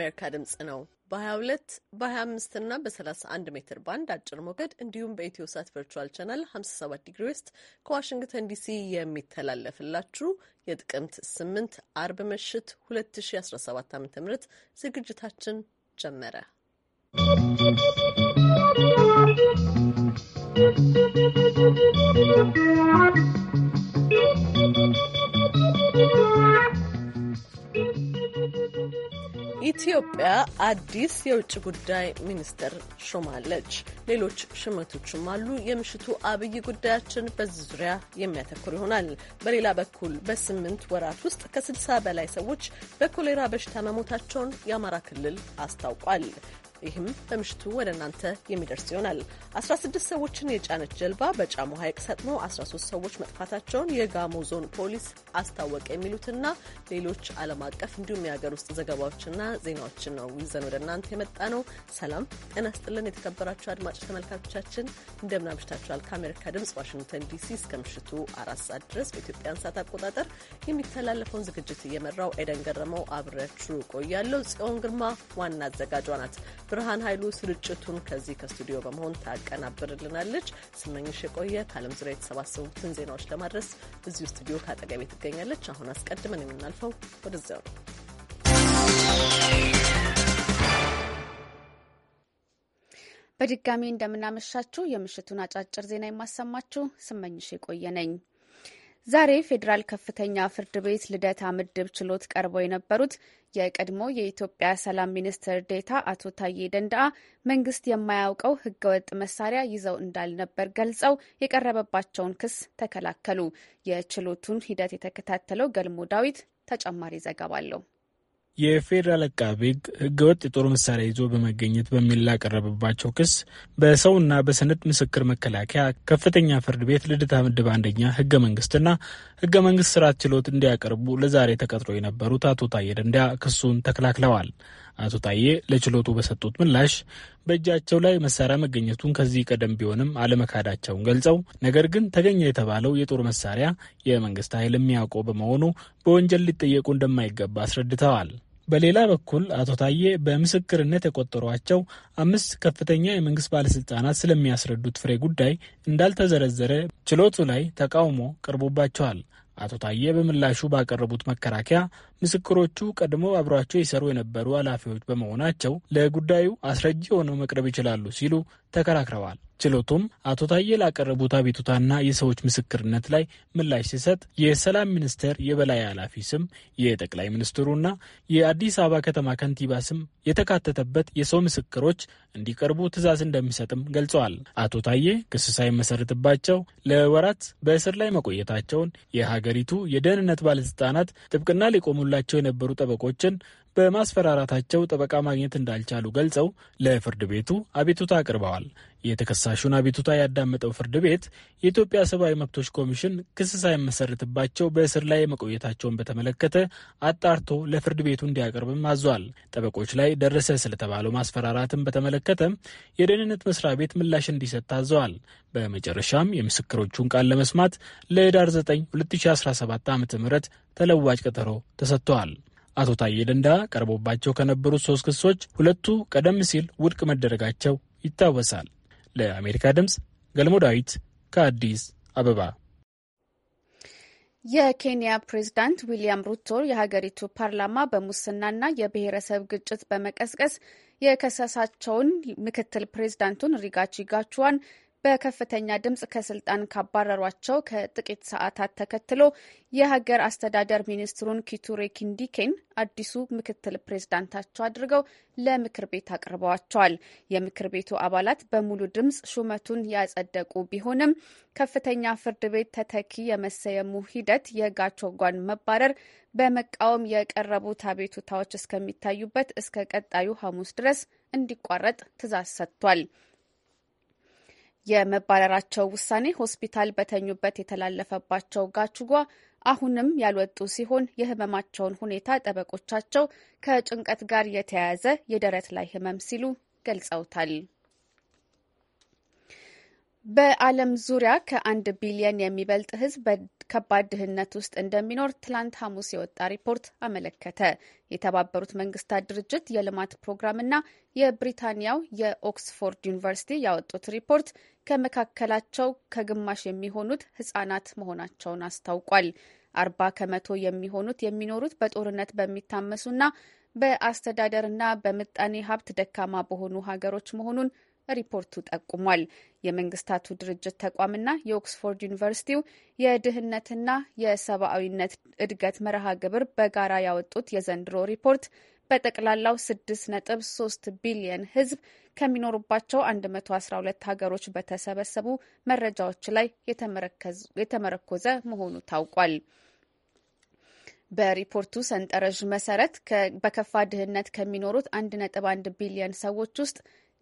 የአሜሪካ ድምጽ ነው። በ22 በ25 እና በ31 ሜትር ባንድ አጭር ሞገድ እንዲሁም በኢትዮ ሳት ቨርቹዋል ቻናል 57 ዲግሪ ውስጥ ከዋሽንግተን ዲሲ የሚተላለፍላችሁ የጥቅምት 8 አርብ ምሽት 2017 ዓ ም ዝግጅታችን ጀመረ። ¶¶ ኢትዮጵያ አዲስ የውጭ ጉዳይ ሚኒስትር ሾማለች። ሌሎች ሽመቶችም አሉ። የምሽቱ አብይ ጉዳያችን በዚህ ዙሪያ የሚያተኩር ይሆናል። በሌላ በኩል በስምንት ወራት ውስጥ ከ60 በላይ ሰዎች በኮሌራ በሽታ መሞታቸውን የአማራ ክልል አስታውቋል። ይህም በምሽቱ ወደ እናንተ የሚደርስ ይሆናል። 16 ሰዎችን የጫነች ጀልባ በጫሞ ሐይቅ ሰጥሞ 13 ሰዎች መጥፋታቸውን የጋሞ ዞን ፖሊስ አስታወቀ። የሚሉትና ሌሎች ዓለም አቀፍ እንዲሁም የሀገር ውስጥ ዘገባዎችና ዜናዎችን ነው ይዘን ወደ እናንተ የመጣ ነው። ሰላም ጤና ስጥልን። የተከበራችሁ አድማጭ ተመልካቾቻችን እንደምን አምሽታችኋል? ከአሜሪካ ድምጽ ዋሽንግተን ዲሲ እስከ ምሽቱ አራት ሰዓት ድረስ በኢትዮጵያን ሰዓት አቆጣጠር የሚተላለፈውን ዝግጅት እየመራው ኤደን ገረመው አብረችሁ ቆያለሁ። ጽዮን ግርማ ዋና አዘጋጇ ናት። ብርሃን ኃይሉ ስርጭቱን ከዚህ ከስቱዲዮ በመሆን ታቀናብርልናለች። ስመኝሽ የቆየ ከዓለም ዙሪያ የተሰባሰቡትን ዜናዎች ለማድረስ እዚሁ ስቱዲዮ ከአጠገቤ ትገኛለች። አሁን አስቀድመን የምናልፈው ወደዚያው ነው። በድጋሚ እንደምናመሻችሁ የምሽቱን አጫጭር ዜና የማሰማችሁ ስመኝሽ የቆየ ነኝ። ዛሬ ፌዴራል ከፍተኛ ፍርድ ቤት ልደታ ምድብ ችሎት ቀርበው የነበሩት የቀድሞ የኢትዮጵያ ሰላም ሚኒስትር ዴታ አቶ ታዬ ደንዳአ መንግስት የማያውቀው ህገወጥ መሳሪያ ይዘው እንዳልነበር ገልጸው የቀረበባቸውን ክስ ተከላከሉ። የችሎቱን ሂደት የተከታተለው ገልሞ ዳዊት ተጨማሪ ዘገባ አለው። የፌዴራል አቃቤ ህገወጥ የጦር መሳሪያ ይዞ በመገኘት በሚል ላቀረበባቸው ክስ በሰውና በሰነድ ምስክር መከላከያ ከፍተኛ ፍርድ ቤት ልደታ ምድብ አንደኛ ህገ መንግስትና ህገ መንግስት ስርዓት ችሎት እንዲያቀርቡ ለዛሬ ተቀጥሮ የነበሩት አቶ ታዬ ደንዳ ክሱን ተከላክለዋል። አቶ ታዬ ለችሎቱ በሰጡት ምላሽ በእጃቸው ላይ መሳሪያ መገኘቱን ከዚህ ቀደም ቢሆንም አለመካዳቸውን ገልጸው ነገር ግን ተገኘ የተባለው የጦር መሳሪያ የመንግስት ኃይል የሚያውቀው በመሆኑ በወንጀል ሊጠየቁ እንደማይገባ አስረድተዋል። በሌላ በኩል አቶ ታዬ በምስክርነት የቆጠሯቸው አምስት ከፍተኛ የመንግስት ባለስልጣናት ስለሚያስረዱት ፍሬ ጉዳይ እንዳልተዘረዘረ ችሎቱ ላይ ተቃውሞ ቀርቦባቸዋል። አቶ ታዬ በምላሹ ባቀረቡት መከራከያ ምስክሮቹ ቀድሞ አብሯቸው ይሰሩ የነበሩ ኃላፊዎች በመሆናቸው ለጉዳዩ አስረጅ ሆነው መቅረብ ይችላሉ ሲሉ ተከራክረዋል። ችሎቱም አቶ ታዬ ላቀረቡት አቤቱታና የሰዎች ምስክርነት ላይ ምላሽ ሲሰጥ የሰላም ሚኒስቴር የበላይ ኃላፊ ስም የጠቅላይ ሚኒስትሩና የአዲስ አበባ ከተማ ከንቲባ ስም የተካተተበት የሰው ምስክሮች እንዲቀርቡ ትዕዛዝ እንደሚሰጥም ገልጸዋል። አቶ ታዬ ክስ ሳይመሰረትባቸው ለወራት በእስር ላይ መቆየታቸውን የሀገሪቱ የደህንነት ባለስልጣናት ጥብቅና ሊቆሙላቸው የነበሩ ጠበቆችን በማስፈራራታቸው ጠበቃ ማግኘት እንዳልቻሉ ገልጸው ለፍርድ ቤቱ አቤቱታ አቅርበዋል። የተከሳሹን አቤቱታ ያዳመጠው ፍርድ ቤት የኢትዮጵያ ሰብአዊ መብቶች ኮሚሽን ክስ ሳይመሰረትባቸው በእስር ላይ መቆየታቸውን በተመለከተ አጣርቶ ለፍርድ ቤቱ እንዲያቀርብም አዟል። ጠበቆች ላይ ደረሰ ስለተባለው ማስፈራራትን በተመለከተ የደህንነት መስሪያ ቤት ምላሽ እንዲሰጥ ታዘዋል። በመጨረሻም የምስክሮቹን ቃል ለመስማት ለህዳር 9 2017 ዓ ም ተለዋጭ ቀጠሮ ተሰጥተዋል። አቶ ታዬ ደንዳ ቀርቦባቸው ከነበሩት ሶስት ክሶች ሁለቱ ቀደም ሲል ውድቅ መደረጋቸው ይታወሳል። ለአሜሪካ ድምፅ ገልሞ ዳዊት ከአዲስ አበባ። የኬንያ ፕሬዝዳንት ዊሊያም ሩቶ የሀገሪቱ ፓርላማ በሙስናና የብሔረሰብ ግጭት በመቀስቀስ የከሰሳቸውን ምክትል ፕሬዝዳንቱን ሪጋቺ ጋቹዋን በከፍተኛ ድምፅ ከስልጣን ካባረሯቸው ከጥቂት ሰዓታት ተከትሎ የሀገር አስተዳደር ሚኒስትሩን ኪቱሬ ኪንዲኬን አዲሱ ምክትል ፕሬዝዳንታቸው አድርገው ለምክር ቤት አቅርበዋቸዋል። የምክር ቤቱ አባላት በሙሉ ድምፅ ሹመቱን ያጸደቁ ቢሆንም ከፍተኛ ፍርድ ቤት ተተኪ የመሰየሙ ሂደት የጋቾጓን መባረር በመቃወም የቀረቡት አቤቱታዎች እስከሚታዩበት እስከ ቀጣዩ ሐሙስ ድረስ እንዲቋረጥ ትዕዛዝ ሰጥቷል። የመባረራቸው ውሳኔ ሆስፒታል በተኙበት የተላለፈባቸው ጋችጓ አሁንም ያልወጡ ሲሆን የህመማቸውን ሁኔታ ጠበቆቻቸው ከጭንቀት ጋር የተያያዘ የደረት ላይ ህመም ሲሉ ገልጸውታል። በዓለም ዙሪያ ከአንድ ቢሊየን የሚበልጥ ህዝብ በከባድ ድህነት ውስጥ እንደሚኖር ትላንት ሐሙስ የወጣ ሪፖርት አመለከተ። የተባበሩት መንግስታት ድርጅት የልማት ፕሮግራምና የብሪታንያው የኦክስፎርድ ዩኒቨርሲቲ ያወጡት ሪፖርት ከመካከላቸው ከግማሽ የሚሆኑት ህጻናት መሆናቸውን አስታውቋል። አርባ ከመቶ የሚሆኑት የሚኖሩት በጦርነት በሚታመሱና በአስተዳደርና በምጣኔ ሀብት ደካማ በሆኑ ሀገሮች መሆኑን ሪፖርቱ ጠቁሟል። የመንግስታቱ ድርጅት ተቋምና የኦክስፎርድ ዩኒቨርሲቲው የድህነትና የሰብአዊነት እድገት መርሃ ግብር በጋራ ያወጡት የዘንድሮ ሪፖርት በጠቅላላው 6.3 ቢሊየን ህዝብ ከሚኖሩባቸው 112 ሀገሮች በተሰበሰቡ መረጃዎች ላይ የተመረኮዘ መሆኑ ታውቋል። በሪፖርቱ ሰንጠረዥ መሰረት በከፋ ድህነት ከሚኖሩት 1.1 ቢሊየን ሰዎች ውስጥ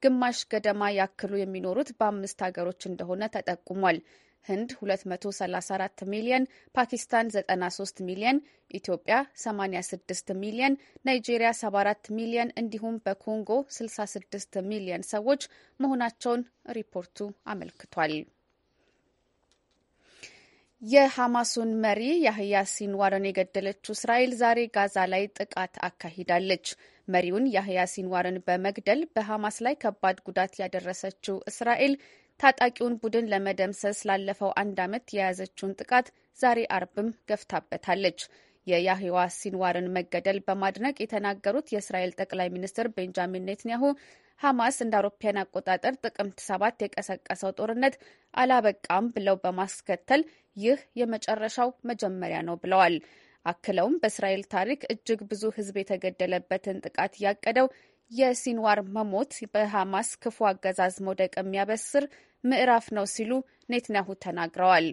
ግማሽ ገደማ ያክሉ የሚኖሩት በአምስት ሀገሮች እንደሆነ ተጠቁሟል። ህንድ 234 ሚሊየን፣ ፓኪስታን 93 ሚሊየን፣ ኢትዮጵያ 86 ሚሊየን፣ ናይጄሪያ 74 ሚሊየን እንዲሁም በኮንጎ 66 ሚሊየን ሰዎች መሆናቸውን ሪፖርቱ አመልክቷል። የሐማሱን መሪ ያህያ ሲንዋርን የገደለችው እስራኤል ዛሬ ጋዛ ላይ ጥቃት አካሂዳለች። መሪውን ያህያ ሲንዋርን በመግደል በሐማስ ላይ ከባድ ጉዳት ያደረሰችው እስራኤል ታጣቂውን ቡድን ለመደምሰስ ላለፈው አንድ ዓመት የያዘችውን ጥቃት ዛሬ አርብም ገፍታበታለች። የያህያ ሲንዋርን መገደል በማድነቅ የተናገሩት የእስራኤል ጠቅላይ ሚኒስትር ቤንጃሚን ኔትንያሁ ሐማስ እንደ አውሮፓውያን አቆጣጠር ጥቅምት ሰባት የቀሰቀሰው ጦርነት አላበቃም ብለው በማስከተል ይህ የመጨረሻው መጀመሪያ ነው ብለዋል። አክለውም በእስራኤል ታሪክ እጅግ ብዙ ሕዝብ የተገደለበትን ጥቃት ያቀደው የሲንዋር መሞት በሐማስ ክፉ አገዛዝ መውደቅ የሚያበስር ምዕራፍ ነው ሲሉ ኔትንያሁ ተናግረዋል።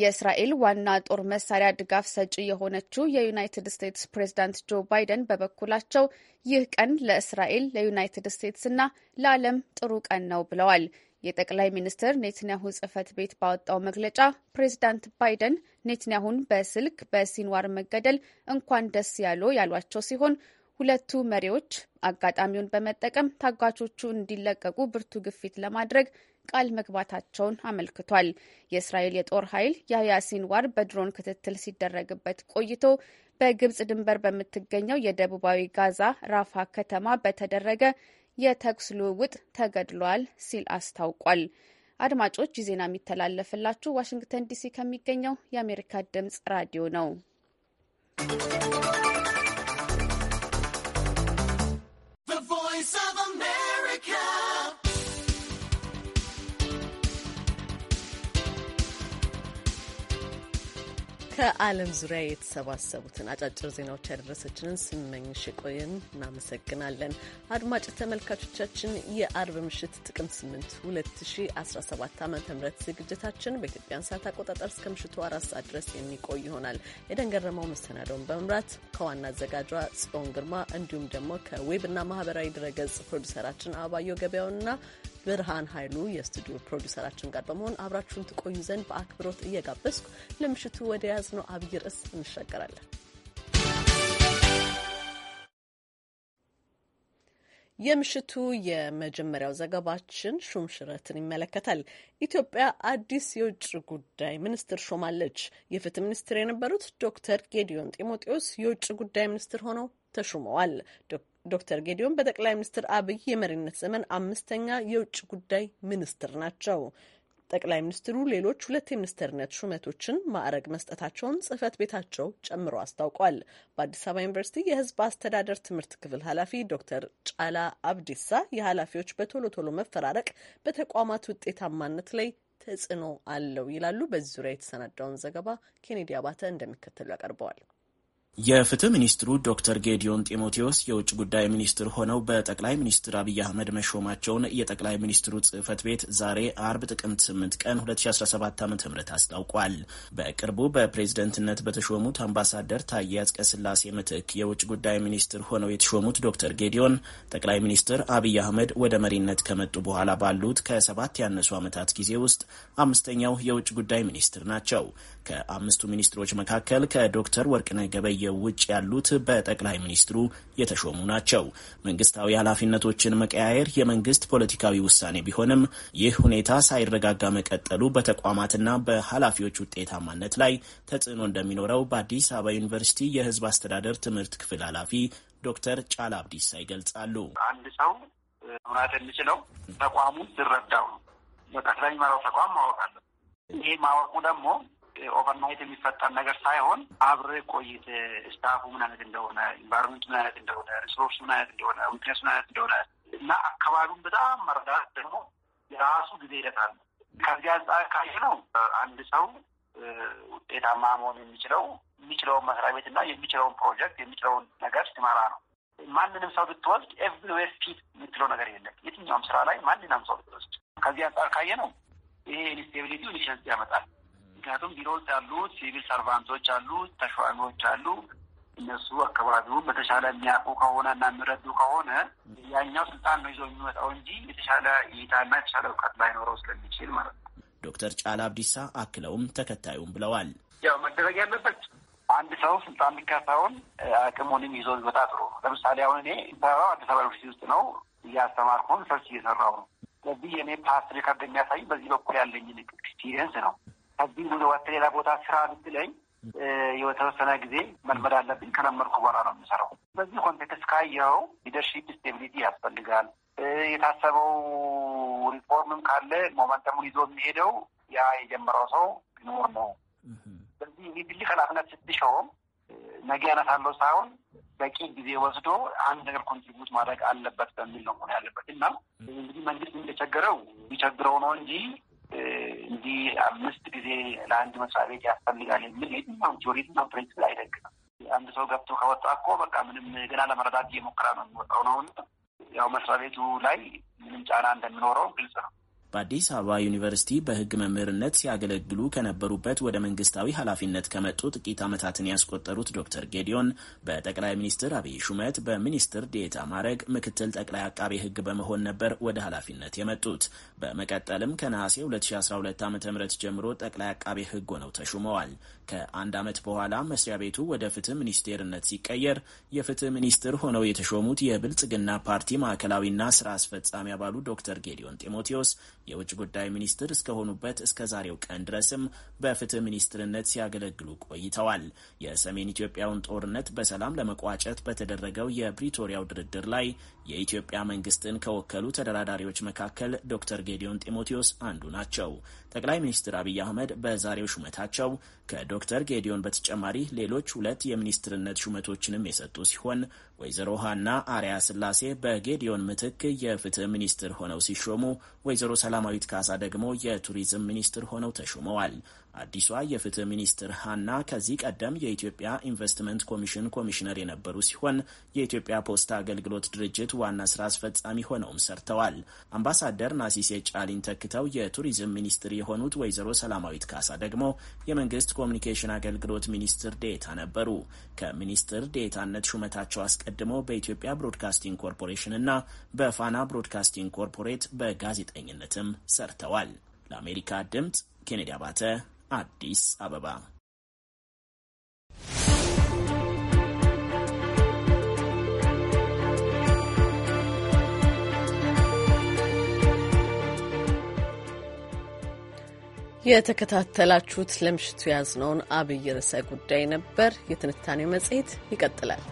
የእስራኤል ዋና ጦር መሳሪያ ድጋፍ ሰጪ የሆነችው የዩናይትድ ስቴትስ ፕሬዝዳንት ጆ ባይደን በበኩላቸው ይህ ቀን ለእስራኤል፣ ለዩናይትድ እና ለዓለም ጥሩ ቀን ነው ብለዋል። የጠቅላይ ሚኒስትር ኔትንያሁ ጽህፈት ቤት ባወጣው መግለጫ ፕሬዝዳንት ባይደን ኔትንያሁን በስልክ በሲንዋር መገደል እንኳን ደስ ያሎ ያሏቸው ሲሆን ሁለቱ መሪዎች አጋጣሚውን በመጠቀም ታጋቾቹ እንዲለቀቁ ብርቱ ግፊት ለማድረግ ቃል መግባታቸውን አመልክቷል። የእስራኤል የጦር ኃይል ያህያ ሲንዋር በድሮን ክትትል ሲደረግበት ቆይቶ በግብጽ ድንበር በምትገኘው የደቡባዊ ጋዛ ራፋ ከተማ በተደረገ የተኩስ ልውውጥ ተገድሏል ሲል አስታውቋል። አድማጮች ይህ ዜና የሚተላለፍላችሁ ዋሽንግተን ዲሲ ከሚገኘው የአሜሪካ ድምጽ ራዲዮ ነው። ከዓለም ዙሪያ የተሰባሰቡትን አጫጭር ዜናዎች ያደረሰችንን ስመኝሽ ቆየን እናመሰግናለን። አድማጭ ተመልካቾቻችን የአርብ ምሽት ጥቅም 8 2017 ዓ ም ዝግጅታችን በኢትዮጵያን ሰዓት አቆጣጠር እስከ ምሽቱ አራት ሰዓት ድረስ የሚቆይ ይሆናል። የደንገረማው መሰናዶውን በመምራት ከዋና አዘጋጇ ጽዮን ግርማ እንዲሁም ደግሞ ከዌብና ማህበራዊ ድረገጽ ፕሮዲሰራችን አባዮ ገበያውና ብርሃን ኃይሉ የስቱዲዮ ፕሮዲሰራችን ጋር በመሆን አብራችሁን ትቆዩ ዘንድ በአክብሮት እየጋበዝኩ ለምሽቱ ወደ ያዝነው አብይ ርዕስ እንሻገራለን። የምሽቱ የመጀመሪያው ዘገባችን ሹም ሽረትን ይመለከታል። ኢትዮጵያ አዲስ የውጭ ጉዳይ ሚኒስትር ሾማለች። የፍትህ ሚኒስትር የነበሩት ዶክተር ጌዲዮን ጢሞቴዎስ የውጭ ጉዳይ ሚኒስትር ሆነው ተሹመዋል። ዶክተር ጌዲዮን በጠቅላይ ሚኒስትር አብይ የመሪነት ዘመን አምስተኛ የውጭ ጉዳይ ሚኒስትር ናቸው። ጠቅላይ ሚኒስትሩ ሌሎች ሁለት የሚኒስትርነት ሹመቶችን ማዕረግ መስጠታቸውን ጽህፈት ቤታቸው ጨምሮ አስታውቋል። በአዲስ አበባ ዩኒቨርሲቲ የህዝብ አስተዳደር ትምህርት ክፍል ኃላፊ ዶክተር ጫላ አብዲሳ የኃላፊዎች በቶሎ ቶሎ መፈራረቅ በተቋማት ውጤታማነት ላይ ተጽዕኖ አለው ይላሉ። በዚህ ዙሪያ የተሰናዳውን ዘገባ ኬኔዲ አባተ እንደሚከተሉ ያቀርበዋል። የፍትህ ሚኒስትሩ ዶክተር ጌዲዮን ጢሞቴዎስ የውጭ ጉዳይ ሚኒስትር ሆነው በጠቅላይ ሚኒስትር አብይ አህመድ መሾማቸውን የጠቅላይ ሚኒስትሩ ጽህፈት ቤት ዛሬ አርብ ጥቅምት 8 ቀን 2017 ዓ ም አስታውቋል። በቅርቡ በፕሬዝደንትነት በተሾሙት አምባሳደር ታዬ አጽቀሥላሴ ምትክ የውጭ ጉዳይ ሚኒስትር ሆነው የተሾሙት ዶክተር ጌዲዮን ጠቅላይ ሚኒስትር አብይ አህመድ ወደ መሪነት ከመጡ በኋላ ባሉት ከሰባት ያነሱ ዓመታት ጊዜ ውስጥ አምስተኛው የውጭ ጉዳይ ሚኒስትር ናቸው። ከአምስቱ ሚኒስትሮች መካከል ከዶክተር ወርቅነህ ገበየ ከመለየው ውጭ ያሉት በጠቅላይ ሚኒስትሩ የተሾሙ ናቸው። መንግስታዊ ኃላፊነቶችን መቀያየር የመንግስት ፖለቲካዊ ውሳኔ ቢሆንም ይህ ሁኔታ ሳይረጋጋ መቀጠሉ በተቋማትና በኃላፊዎች ውጤታማነት ላይ ተጽዕኖ እንደሚኖረው በአዲስ አበባ ዩኒቨርሲቲ የህዝብ አስተዳደር ትምህርት ክፍል ኃላፊ ዶክተር ጫላ አብዲሳ ይገልጻሉ። አንድ ሰው መምራት የሚችለው ተቋሙን ሲረዳው ነው። በጠቅላይ መራው ተቋም ማወቅ አለ። ይህ ማወቁ ደግሞ ኦቨርናይት የሚፈጠር ነገር ሳይሆን አብረ ቆይት ስታፉ ምን አይነት እንደሆነ፣ ኢንቫይሮንመንት ምን አይነት እንደሆነ፣ ሪሶርስ ምን አይነት እንደሆነ፣ ዊክነስ ምን አይነት እንደሆነ እና አካባቢውን በጣም መረዳት ደግሞ የራሱ ጊዜ ይለታል። ከዚህ አንጻር ነው አንድ ሰው ውጤታማ መሆን የሚችለው የሚችለውን መስሪያ ቤት እና የሚችለውን ፕሮጀክት የሚችለውን ነገር ሲመራ ነው። ማንንም ሰው ብትወስድ ኤቭሪዌር ፊት የምትለው ነገር የለም። የትኛውም ስራ ላይ ማንኛውም ሰው ብትወስድ ከዚህ አንጻር ነው? ይሄ ኢንስቴቢሊቲ ኢንሽንስ ያመጣል። ምክንያቱም ቢሮ ውስጥ ያሉ ሲቪል ሰርቫንቶች አሉ፣ ተሿሚዎች አሉ። እነሱ አካባቢውን በተሻለ የሚያውቁ ከሆነ እና የሚረዱ ከሆነ ያኛው ስልጣን ነው ይዞ የሚመጣው እንጂ የተሻለ እይታና የተሻለ እውቀት ላይኖረው ስለሚችል ማለት ነው። ዶክተር ጫላ አብዲሳ አክለውም ተከታዩም ብለዋል። ያው መደረግ ያለበት አንድ ሰው ስልጣን ብቻ ሳይሆን አቅሙንም ይዞ ቢወጣ ጥሩ ነው። ለምሳሌ አሁን እኔ ሰራው አዲስ አበባ ዩኒቨርሲቲ ውስጥ ነው እያስተማርኩን ሰርች እየሰራው ነው። ስለዚህ የእኔ ፓስት ሪከርድ የሚያሳይ በዚህ በኩል ያለኝን ኤክስፒሪየንስ ነው። እዚህ ወጥ ሌላ ቦታ ስራ ብትለኝ የተወሰነ ጊዜ መልመድ አለብኝ። ከለመድኩ በኋላ ነው የምሰራው። በዚህ ኮንቴክስት ካየኸው ሊደርሺፕ ስቴቢሊቲ ያስፈልጋል። የታሰበው ሪፎርምም ካለ ሞመንተሙን ይዞ የሚሄደው ያ የጀመረው ሰው ቢኖር ነው። በዚህ ይህ ትልቅ ኃላፊነት ስትሸውም ነገ ያነሳለው ሳይሆን በቂ ጊዜ ወስዶ አንድ ነገር ኮንትሪቡት ማድረግ አለበት በሚል ነው ሆነ ያለበት እና እንግዲህ መንግስት እንደቸገረው ቢቸግረው ነው እንጂ እንዲህ አምስት ጊዜ ለአንድ መስሪያ ቤት ያስፈልጋል የሚል የትኛውም ቲዎሪና ፕሪንስፕል አይደግም። አንድ ሰው ገብቶ ከወጣ እኮ በቃ ምንም ገና ለመረዳት እየሞከረ ነው የሚወጣው ነው። ያው መስሪያ ቤቱ ላይ ምንም ጫና እንደሚኖረው ግልጽ ነው። በአዲስ አበባ ዩኒቨርሲቲ በህግ መምህርነት ሲያገለግሉ ከነበሩበት ወደ መንግስታዊ ኃላፊነት ከመጡ ጥቂት ዓመታትን ያስቆጠሩት ዶክተር ጌዲዮን በጠቅላይ ሚኒስትር አብይ ሹመት በሚኒስትር ዴታ ማዕረግ ምክትል ጠቅላይ አቃቤ ህግ በመሆን ነበር ወደ ኃላፊነት የመጡት። በመቀጠልም ከነሐሴ 2012 ዓ ም ጀምሮ ጠቅላይ አቃቤ ህግ ሆነው ተሹመዋል። ከአንድ ዓመት በኋላ መስሪያ ቤቱ ወደ ፍትህ ሚኒስቴርነት ሲቀየር የፍትህ ሚኒስትር ሆነው የተሾሙት የብልጽግና ፓርቲ ማዕከላዊና ስራ አስፈጻሚ አባሉ ዶክተር ጌዲዮን ጢሞቴዎስ የውጭ ጉዳይ ሚኒስትር እስከሆኑበት እስከ ዛሬው ቀን ድረስም በፍትህ ሚኒስትርነት ሲያገለግሉ ቆይተዋል። የሰሜን ኢትዮጵያውን ጦርነት በሰላም ለመቋጨት በተደረገው የፕሪቶሪያው ድርድር ላይ የኢትዮጵያ መንግስትን ከወከሉ ተደራዳሪዎች መካከል ዶክተር ጌዲዮን ጢሞቴዎስ አንዱ ናቸው። ጠቅላይ ሚኒስትር አብይ አህመድ በዛሬው ሹመታቸው ከዶክተር ጌዲዮን በተጨማሪ ሌሎች ሁለት የሚኒስትርነት ሹመቶችንም የሰጡ ሲሆን ወይዘሮ ሀና አርያ ስላሴ በጌዲዮን ምትክ የፍትህ ሚኒስትር ሆነው ሲሾሙ፣ ወይዘሮ ሰላማዊት ካሳ ደግሞ የቱሪዝም ሚኒስትር ሆነው ተሹመዋል። አዲሷ የፍትህ ሚኒስትር ሀና ከዚህ ቀደም የኢትዮጵያ ኢንቨስትመንት ኮሚሽን ኮሚሽነር የነበሩ ሲሆን የኢትዮጵያ ፖስታ አገልግሎት ድርጅት ዋና ስራ አስፈጻሚ ሆነውም ሰርተዋል። አምባሳደር ናሲሴ ጫሊን ተክተው የቱሪዝም ሚኒስትር የሆኑት ወይዘሮ ሰላማዊት ካሳ ደግሞ የመንግስት ኮሚኒኬሽን አገልግሎት ሚኒስትር ዴታ ነበሩ። ከሚኒስትር ዴታነት ሹመታቸው አስቀድሞ በኢትዮጵያ ብሮድካስቲንግ ኮርፖሬሽን እና በፋና ብሮድካስቲንግ ኮርፖሬት በጋዜጠኝነትም ሰርተዋል። ለአሜሪካ ድምጽ ኬኔዲ አባተ አዲስ አበባ የተከታተላችሁት ለምሽቱ ያዝነውን አብይ ርዕሰ ጉዳይ ነበር። የትንታኔው መጽሔት ይቀጥላል።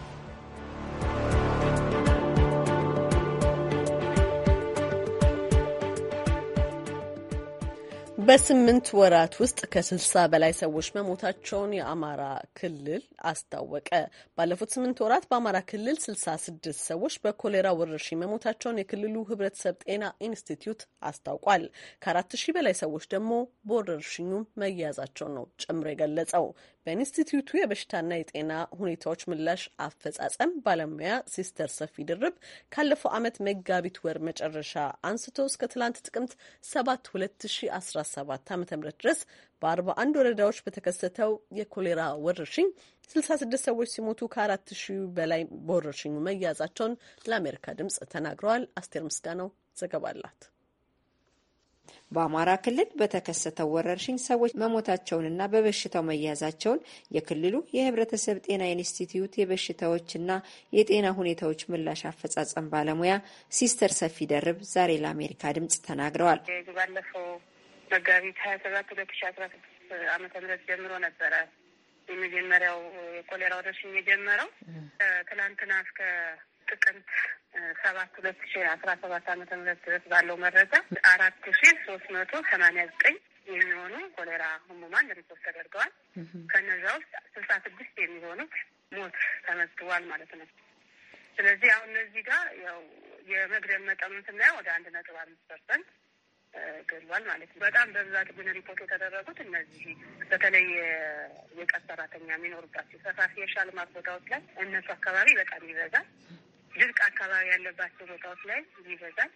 በስምንት ወራት ውስጥ ከስልሳ በላይ ሰዎች መሞታቸውን የአማራ ክልል አስታወቀ። ባለፉት ስምንት ወራት በአማራ ክልል ስልሳ ስድስት ሰዎች በኮሌራ ወረርሽኝ መሞታቸውን የክልሉ ሕብረተሰብ ጤና ኢንስቲትዩት አስታውቋል። ከአራት ሺህ በላይ ሰዎች ደግሞ በወረርሽኙ መያዛቸው ነው ጨምሮ የገለጸው። በኢንስቲትዩቱ የበሽታና የጤና ሁኔታዎች ምላሽ አፈጻጸም ባለሙያ ሲስተር ሰፊ ድርብ ካለፈው ዓመት መጋቢት ወር መጨረሻ አንስቶ እስከ ትላንት ጥቅምት 7 2017 ዓ ም ድረስ በ41 ወረዳዎች በተከሰተው የኮሌራ ወረርሽኝ 66 ሰዎች ሲሞቱ ከ ሺህ በላይ በወረርሽኙ መያዛቸውን ለአሜሪካ ድምጽ ተናግረዋል። አስቴር ምስጋናው ዘገባ አላት። በአማራ ክልል በተከሰተው ወረርሽኝ ሰዎች መሞታቸውንና በበሽታው መያዛቸውን የክልሉ የህብረተሰብ ጤና ኢንስቲትዩት የበሽታዎችና የጤና ሁኔታዎች ምላሽ አፈጻጸም ባለሙያ ሲስተር ሰፊ ደርብ ዛሬ ለአሜሪካ ድምጽ ተናግረዋል። ባለፈው መጋቢት ሀያ ሰባት ሁለት ሺ አስራ ስድስት አመተ ምህረት ጀምሮ ነበረ የመጀመሪያው የኮሌራ ወረርሽኝ የጀመረው ትላንትና እስከ ጥቅምት ሰባት ሁለት ሺ አስራ ሰባት አመተ ምህረት ድረስ ባለው መረጃ አራት ሺ ሶስት መቶ ሰማኒያ ዘጠኝ የሚሆኑ ኮሌራ ህሙማን ሪፖርት ተደርገዋል። ከነዚያ ውስጥ ስልሳ ስድስት የሚሆኑት ሞት ተመዝግቧል ማለት ነው። ስለዚህ አሁን እነዚህ ጋር ያው የመግደል መጠኑን ስናየው ወደ አንድ ነጥብ አምስት ፐርሰንት ገድሏል ማለት ነው። በጣም በብዛት ግን ሪፖርት የተደረጉት እነዚህ በተለይ የቀን ሰራተኛ የሚኖሩባቸው ሰፋፊ የሻልማት ቦታዎች ላይ እነሱ አካባቢ በጣም ይበዛል። ድርቅ አካባቢ ያለባቸው ቦታዎች ላይ ይበዛል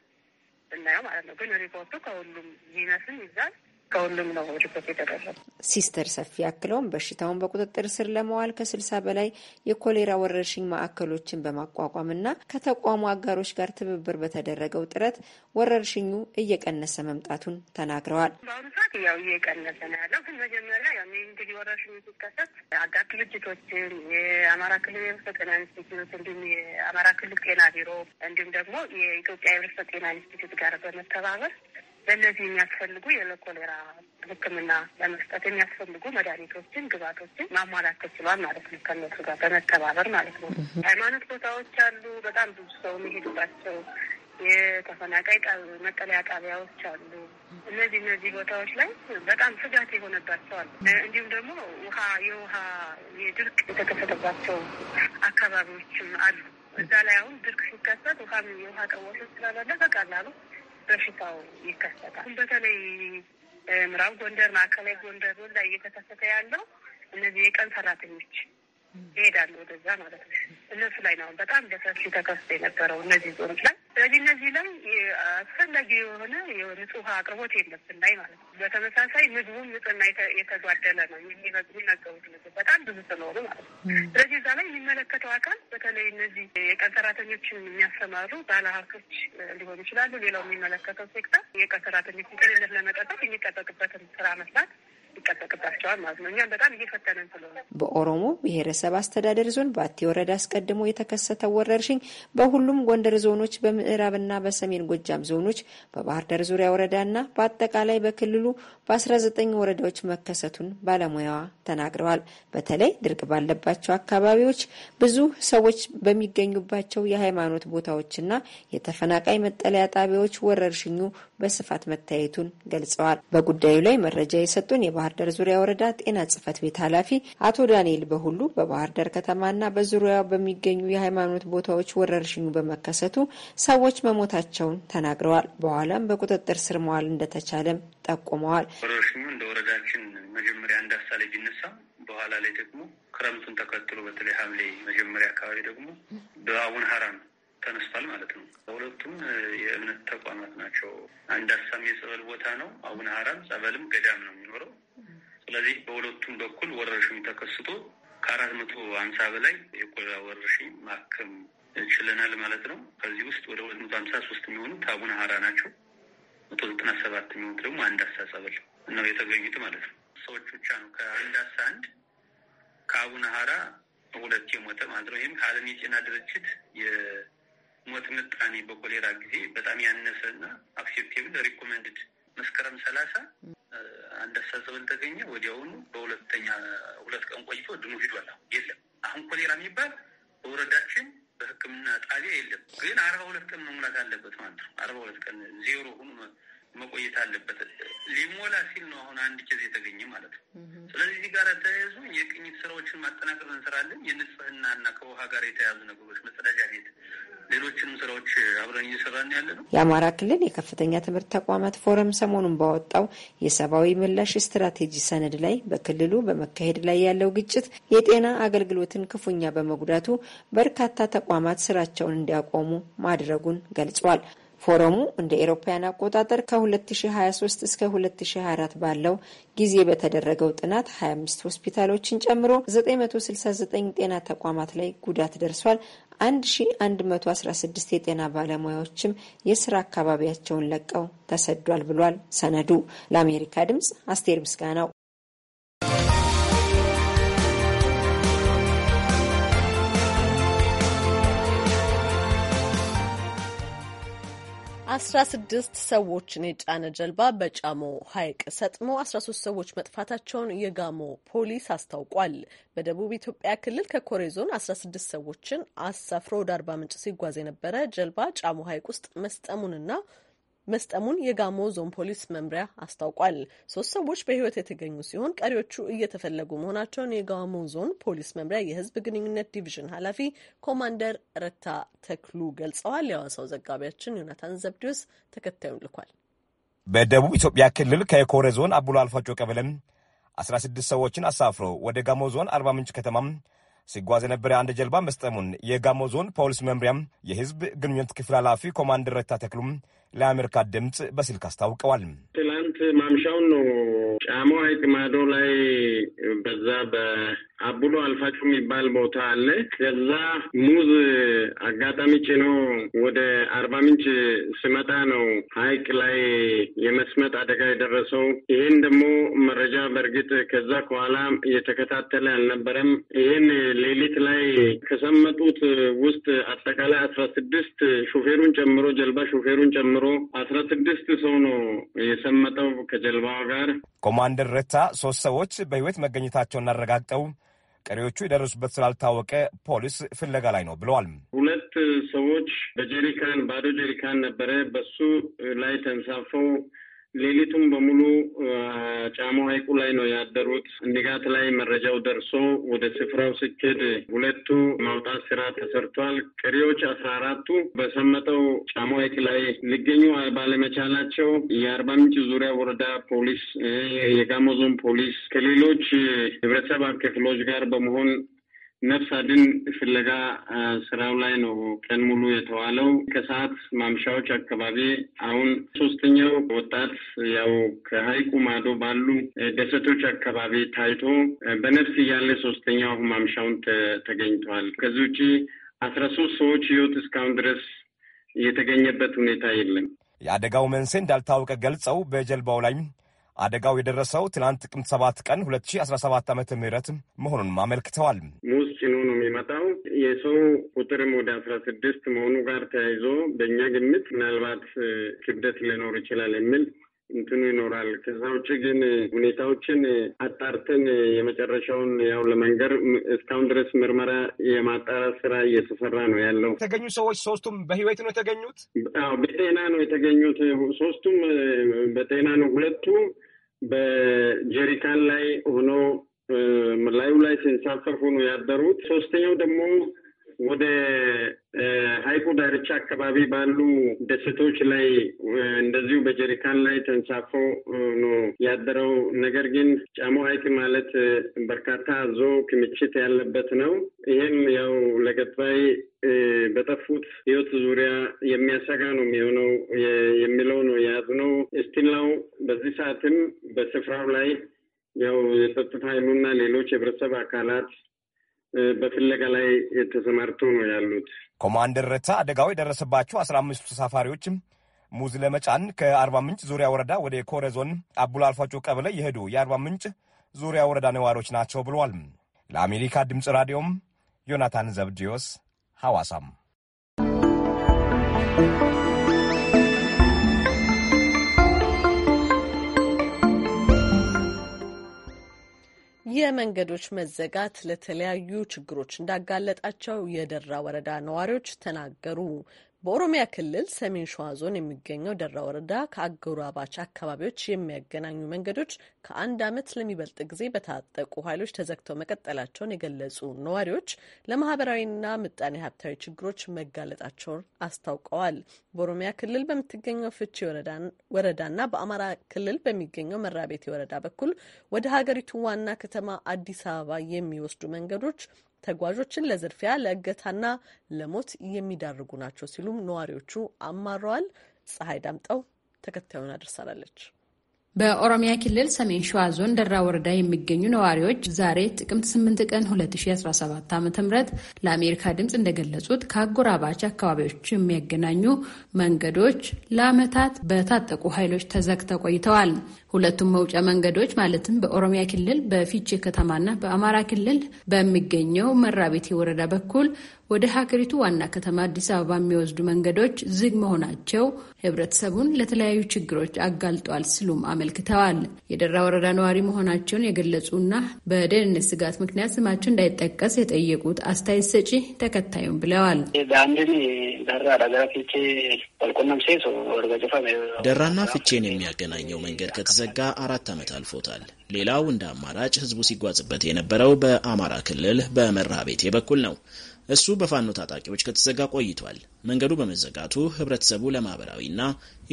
እናየው ማለት ነው። ግን ሪፖርቱ ከሁሉም ይነስም ይዛል ከሁሉም ነው ሪፖርት የተደረገ። ሲስተር ሰፊ አክለውም በሽታውን በቁጥጥር ስር ለመዋል ከስልሳ በላይ የኮሌራ ወረርሽኝ ማዕከሎችን በማቋቋምና ከተቋሙ አጋሮች ጋር ትብብር በተደረገው ጥረት ወረርሽኙ እየቀነሰ መምጣቱን ተናግረዋል። በአሁኑ ሰዓት ያው እየቀነሰ ነው ያለው፣ ግን መጀመሪያ ያው እንግዲህ ወረርሽኙ ሲከሰት አጋር ድርጅቶችን የአማራ ክልል የህብረተሰብ ጤና ኢንስቲትዩት እንዲሁም የአማራ ክልል ጤና ቢሮ እንዲሁም ደግሞ የኢትዮጵያ የህብረተሰብ ጤና ኢንስቲትዩት ጋር በመተባበር ለእነዚህ የሚያስፈልጉ የኮሌራ ሕክምና ለመስጠት የሚያስፈልጉ መድኃኒቶችን፣ ግብዓቶችን ማሟላት ተችሏል ማለት ነው። ከነሱ ጋር በመተባበር ማለት ነው። ሃይማኖት ቦታዎች አሉ፣ በጣም ብዙ ሰው የሚሄዱባቸው የተፈናቃይ መጠለያ ጣቢያዎች አሉ። እነዚህ እነዚህ ቦታዎች ላይ በጣም ስጋት የሆነባቸዋል። እንዲሁም ደግሞ ውሃ የውሃ የድርቅ የተከሰተባቸው አካባቢዎችም አሉ። እዛ ላይ አሁን ድርቅ ሲከሰት ውሃ የውሃ ቀወሶች ስላላለ በቃ በሽታው ይከሰታል። በተለይ ምዕራብ ጎንደር፣ ማዕከላዊ ጎንደር ላይ እየተከሰተ ያለው እነዚህ የቀን ሰራተኞች ይሄዳሉ ወደዛ ማለት ነው። እነሱ ላይ ነው በጣም በሰፊ ተከስቶ የነበረው እነዚህ ዞኖች ላይ ስለዚህ እነዚህ ላይ አስፈላጊ የሆነ የንጹህ አቅርቦት የለም ስናይ ማለት ነው። በተመሳሳይ ምግቡም ንጽህና የተጓደለ ነው። የሚበዙ ነገሮች ምግብ በጣም ብዙ ስለሆኑ ማለት ነው። ስለዚህ እዛ ላይ የሚመለከተው አካል በተለይ እነዚህ የቀን ሰራተኞችን የሚያሰማሩ ባለሀብቶች ሊሆኑ ይችላሉ። ሌላው የሚመለከተው ሴክተር የቀን ሰራተኞችን ጤንነት ለመጠበቅ የሚጠበቅበትን ስራ መስራት ይጠበቅባቸዋል ማለት ነው። እኛም በጣም እየፈተነን ስለሆነ በኦሮሞ ብሔረሰብ አስተዳደር ዞን ባቲ ወረዳ አስቀድሞ የተከሰተው ወረርሽኝ በሁሉም ጎንደር ዞኖች፣ በምዕራብና በሰሜን ጎጃም ዞኖች፣ በባህር ዳር ዙሪያ ወረዳና በአጠቃላይ በክልሉ በ19 ወረዳዎች መከሰቱን ባለሙያዋ ተናግረዋል። በተለይ ድርቅ ባለባቸው አካባቢዎች ብዙ ሰዎች በሚገኙባቸው የሃይማኖት ቦታዎችና የተፈናቃይ መጠለያ ጣቢያዎች ወረርሽኙ በስፋት መታየቱን ገልጸዋል። በጉዳዩ ላይ መረጃ የሰጡን የባህር ዳር ዙሪያ ወረዳ ጤና ጽህፈት ቤት ኃላፊ አቶ ዳንኤል በሁሉ በባህር ዳር ከተማና በዙሪያ በሚገኙ የሃይማኖት ቦታዎች ወረርሽኙ በመከሰቱ ሰዎች መሞታቸውን ተናግረዋል። በኋላም በቁጥጥር ስር መዋል እንደተቻለም ጠቁመዋል። ወረርሽኙ እንደ ወረዳችን መጀመሪያ እንዳሳለ ላይ ቢነሳ በኋላ ላይ ደግሞ ክረምቱን ተከትሎ በተለይ ሐምሌ መጀመሪያ አካባቢ ደግሞ በአቡነ ሀራም ተነስቷል ማለት ነው። በሁለቱም የእምነት ተቋማት ናቸው። አንዳሳም የጸበል ቦታ ነው። አቡነ ሀራም ጸበልም ገዳም ነው የሚኖረው። ስለዚህ በሁለቱም በኩል ወረርሽኝ ተከስቶ ከአራት መቶ ሀምሳ በላይ የኮሌራ ወረርሽኝ ማከም ችለናል ማለት ነው። ከዚህ ውስጥ ወደ ሁለት መቶ አምሳ ሶስት የሚሆኑት አቡነ ሀራ ናቸው። መቶ ዘጠና ሰባት የሚሆኑት ደግሞ አንዳሳ ጸበል ነው የተገኙት ማለት ነው። ሰዎች ብቻ ነው ከአንዳሳ አንድ ከአቡነ ሀራ ሁለት የሞተ ማለት ነው። ይህም ከዓለም የጤና ድርጅት ምጣኔ በኮሌራ ጊዜ በጣም ያነሰ እና አክሴፕቴብል ሪኮመንድድ መስከረም ሰላሳ አንድ አሳሰብን ተገኘ። ወዲያውኑ በሁለተኛ ሁለት ቀን ቆይቶ ድኑ ሂዷል። የለም አሁን ኮሌራ የሚባል በወረዳችን በሕክምና ጣቢያ የለም። ግን አርባ ሁለት ቀን መሙላት አለበት ማለት ነው። አርባ ሁለት ቀን ዜሮ ሁኑ መቆየት አለበት። ሊሞላ ሲል ነው አሁን አንድ ኬዝ የተገኘ ማለት ነው። ስለዚህ እዚህ ጋር ተያይዞ የቅኝት ስራዎችን ማጠናቀር እንሰራለን። የንጽህናና ከውሃ ጋር የተያዙ ነገሮች መጸዳጃ ቤት ሌሎችንም ስራዎች አብረን እየሰራን ያለ ነው። የአማራ ክልል የከፍተኛ ትምህርት ተቋማት ፎረም ሰሞኑን ባወጣው የሰብአዊ ምላሽ ስትራቴጂ ሰነድ ላይ በክልሉ በመካሄድ ላይ ያለው ግጭት የጤና አገልግሎትን ክፉኛ በመጉዳቱ በርካታ ተቋማት ስራቸውን እንዲያቆሙ ማድረጉን ገልጿል። ፎረሙ እንደ ኤሮፓያን አቆጣጠር ከ2023 እስከ 2024 ባለው ጊዜ በተደረገው ጥናት 25 ሆስፒታሎችን ጨምሮ 969 ጤና ተቋማት ላይ ጉዳት ደርሷል፣ 1116 የጤና ባለሙያዎችም የስራ አካባቢያቸውን ለቀው ተሰዷል ብሏል ሰነዱ። ለአሜሪካ ድምጽ አስቴር ምስጋናው። አስራ ስድስት ሰዎችን የጫነ ጀልባ በጫሞ ሐይቅ ሰጥሞ አስራ ሶስት ሰዎች መጥፋታቸውን የጋሞ ፖሊስ አስታውቋል። በደቡብ ኢትዮጵያ ክልል ከኮሬ ዞን አስራ ስድስት ሰዎችን አሳፍሮ ወደ አርባ ምንጭ ሲጓዝ የነበረ ጀልባ ጫሞ ሐይቅ ውስጥ መስጠሙንና መስጠሙን የጋሞ ዞን ፖሊስ መምሪያ አስታውቋል። ሶስት ሰዎች በህይወት የተገኙ ሲሆን ቀሪዎቹ እየተፈለጉ መሆናቸውን የጋሞ ዞን ፖሊስ መምሪያ የህዝብ ግንኙነት ዲቪዥን ኃላፊ ኮማንደር ረታ ተክሉ ገልጸዋል። የሐዋሳው ዘጋቢያችን ዮናታን ዘብዲዮስ ተከታዩን ልኳል። በደቡብ ኢትዮጵያ ክልል ከኮሬ ዞን አቡሎ አልፋጮ ቀበሌ 16 ሰዎችን አሳፍሮ ወደ ጋሞ ዞን አርባ ምንጭ ከተማም ሲጓዝ የነበረ አንድ ጀልባ መስጠሙን የጋሞ ዞን ፖሊስ መምሪያም የህዝብ ግንኙነት ክፍል ኃላፊ ኮማንደር ረታ ተክሉም ለአሜሪካ ድምፅ በስልክ አስታውቀዋል። ትላንት ማምሻውን ነው ጫሞ ሐይቅ ማዶ ላይ በዛ በአቡሎ አልፋጩ የሚባል ቦታ አለ። ከዛ ሙዝ አጋጣሚ ጭኖ ወደ አርባ ምንጭ ስመጣ ነው ሐይቅ ላይ የመስመጥ አደጋ የደረሰው። ይሄን ደግሞ መረጃ በእርግጥ ከዛ ከኋላ የተከታተለ አልነበረም። ይሄን ሌሊት ላይ ከሰመጡት ውስጥ አጠቃላይ አስራ ስድስት ሹፌሩን ጨምሮ ጀልባ ሹፌሩን ጨምሮ አስራ ስድስት ሰው ነው የሰመጠው ከጀልባዋ ጋር ኮማንደር ረታ ሶስት ሰዎች በሕይወት መገኘታቸውን አረጋግጠው ቀሪዎቹ የደረሱበት ስላልታወቀ ፖሊስ ፍለጋ ላይ ነው ብለዋል። ሁለት ሰዎች በጀሪካን ባዶ ጀሪካን ነበረ፣ በሱ ላይ ተንሳፈው ሌሊቱን በሙሉ ጫሞ ሐይቁ ላይ ነው ያደሩት። ንጋት ላይ መረጃው ደርሶ ወደ ስፍራው ስኬድ ሁለቱ ማውጣት ስራ ተሰርቷል። ቅሪዎች አስራ አራቱ በሰመጠው ጫሞ ሐይቅ ላይ ሊገኙ ባለመቻላቸው የአርባ ምንጭ ዙሪያ ወረዳ ፖሊስ፣ የጋሞ ዞን ፖሊስ ከሌሎች ህብረተሰብ ክፍሎች ጋር በመሆን ነፍስ አድን ፍለጋ ስራው ላይ ነው ቀን ሙሉ የተዋለው። ከሰዓት ማምሻዎች አካባቢ አሁን ሶስተኛው ወጣት ያው ከሀይቁ ማዶ ባሉ ደሰቶች አካባቢ ታይቶ በነፍስ እያለ ሶስተኛው ማምሻውን ተገኝተዋል። ከዚህ ውጪ አስራ ሶስት ሰዎች ህይወት እስካሁን ድረስ የተገኘበት ሁኔታ የለም። የአደጋው መንስኤ እንዳልታወቀ ገልጸው በጀልባው ላይ አደጋው የደረሰው ትናንት ጥቅምት ሰባት ቀን 2017 ዓ ም መሆኑንም አመልክተዋል። ሙዝ ጭኖ ነው የሚመጣው። የሰው ቁጥርም ወደ አስራ ስድስት መሆኑ ጋር ተያይዞ በእኛ ግምት ምናልባት ክብደት ሊኖር ይችላል የሚል እንትኑ ይኖራል። ከዛ ውጭ ግን ሁኔታዎችን አጣርተን የመጨረሻውን ያው ለመንገር እስካሁን ድረስ ምርመራ የማጣራት ስራ እየተሰራ ነው ያለው። የተገኙ ሰዎች ሶስቱም በህይወት ነው የተገኙት። አዎ በጤና ነው የተገኙት። ሶስቱም በጤና ነው። ሁለቱ በጀሪካን ላይ ሆኖ ላዩ ላይ ሲንሳፈፍ ሆኖ ያደሩት። ሶስተኛው ደግሞ ወደ ሀይቁ ዳርቻ አካባቢ ባሉ ደሴቶች ላይ እንደዚሁ በጀሪካን ላይ ተንሳፎ ነው ያደረው። ነገር ግን ጫሞ ሀይቅ ማለት በርካታ አዞ ክምችት ያለበት ነው። ይህም ያው ለገባይ በጠፉት ህይወት ዙሪያ የሚያሰጋ ነው የሚሆነው የሚለው ነው የያዝነው እስቲላው በዚህ ሰዓትም በስፍራው ላይ ያው የጸጥታ ኃይሉና ሌሎች የህብረተሰብ አካላት በፍለጋ ላይ ተሰማርተው ነው ያሉት። ኮማንደር ረታ አደጋው የደረሰባቸው አስራ አምስቱ ተሳፋሪዎችም ሙዝ ለመጫን ከአርባ ምንጭ ዙሪያ ወረዳ ወደ ኮረ ዞን አቡል አልፋጮ ቀበሌ የሄዱ የአርባ ምንጭ ዙሪያ ወረዳ ነዋሪዎች ናቸው ብለዋል። ለአሜሪካ ድምፅ ራዲዮም ዮናታን ዘብድዮስ ሐዋሳም የመንገዶች መዘጋት ለተለያዩ ችግሮች እንዳጋለጣቸው የደራ ወረዳ ነዋሪዎች ተናገሩ። በኦሮሚያ ክልል ሰሜን ሸዋ ዞን የሚገኘው ደራ ወረዳ ከአጎራባች አካባቢዎች የሚያገናኙ መንገዶች ከአንድ ዓመት ለሚበልጥ ጊዜ በታጠቁ ኃይሎች ተዘግተው መቀጠላቸውን የገለጹ ነዋሪዎች ለማህበራዊና ምጣኔ ሀብታዊ ችግሮች መጋለጣቸውን አስታውቀዋል። በኦሮሚያ ክልል በምትገኘው ፍቺ ወረዳና በአማራ ክልል በሚገኘው መራቤቴ ወረዳ በኩል ወደ ሀገሪቱ ዋና ከተማ አዲስ አበባ የሚወስዱ መንገዶች ተጓዦችን ለዝርፊያ ለእገታና ለሞት የሚዳርጉ ናቸው ሲሉም ነዋሪዎቹ አማረዋል። ፀሐይ ዳምጠው ተከታዩን አድርሳናለች። በኦሮሚያ ክልል ሰሜን ሸዋ ዞን ደራ ወረዳ የሚገኙ ነዋሪዎች ዛሬ ጥቅምት 8 ቀን 2017 ዓ ም ለአሜሪካ ድምፅ እንደገለጹት ከአጎራባች አካባቢዎች የሚያገናኙ መንገዶች ለዓመታት በታጠቁ ኃይሎች ተዘግተው ቆይተዋል። ሁለቱም መውጫ መንገዶች ማለትም በኦሮሚያ ክልል በፊቼ ከተማና በአማራ ክልል በሚገኘው መራቤቴ ወረዳ በኩል ወደ ሀገሪቱ ዋና ከተማ አዲስ አበባ የሚወስዱ መንገዶች ዝግ መሆናቸው ህብረተሰቡን ለተለያዩ ችግሮች አጋልጧል ሲሉም አመልክተዋል። የደራ ወረዳ ነዋሪ መሆናቸውን የገለጹና በደህንነት ስጋት ምክንያት ስማቸው እንዳይጠቀስ የጠየቁት አስተያየት ሰጪ ተከታዩም ብለዋል። ደራና ፍቼን የሚያገናኘው መንገድ ከተዘጋ አራት ዓመት አልፎታል። ሌላው እንደ አማራጭ ህዝቡ ሲጓዝበት የነበረው በአማራ ክልል በመርሃ ቤቴ በኩል ነው። እሱ በፋኖ ታጣቂዎች ከተዘጋ ቆይቷል። መንገዱ በመዘጋቱ ህብረተሰቡ ለማህበራዊና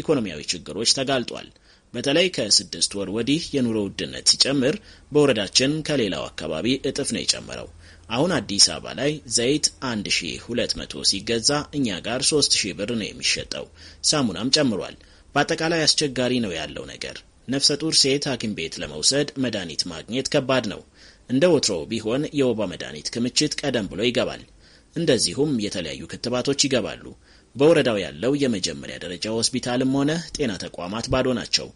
ኢኮኖሚያዊ ችግሮች ተጋልጧል። በተለይ ከስድስት ወር ወዲህ የኑሮ ውድነት ሲጨምር በወረዳችን ከሌላው አካባቢ እጥፍ ነው የጨመረው። አሁን አዲስ አበባ ላይ ዘይት 1200 ሲገዛ እኛ ጋር 3000 ብር ነው የሚሸጠው። ሳሙናም ጨምሯል። በአጠቃላይ አስቸጋሪ ነው ያለው ነገር። ነፍሰ ጡር ሴት ሐኪም ቤት ለመውሰድ መድኃኒት ማግኘት ከባድ ነው። እንደ ወትሮው ቢሆን የወባ መድኃኒት ክምችት ቀደም ብሎ ይገባል። እንደዚሁም የተለያዩ ክትባቶች ይገባሉ። በወረዳው ያለው የመጀመሪያ ደረጃ ሆስፒታልም ሆነ ጤና ተቋማት ባዶ ናቸው።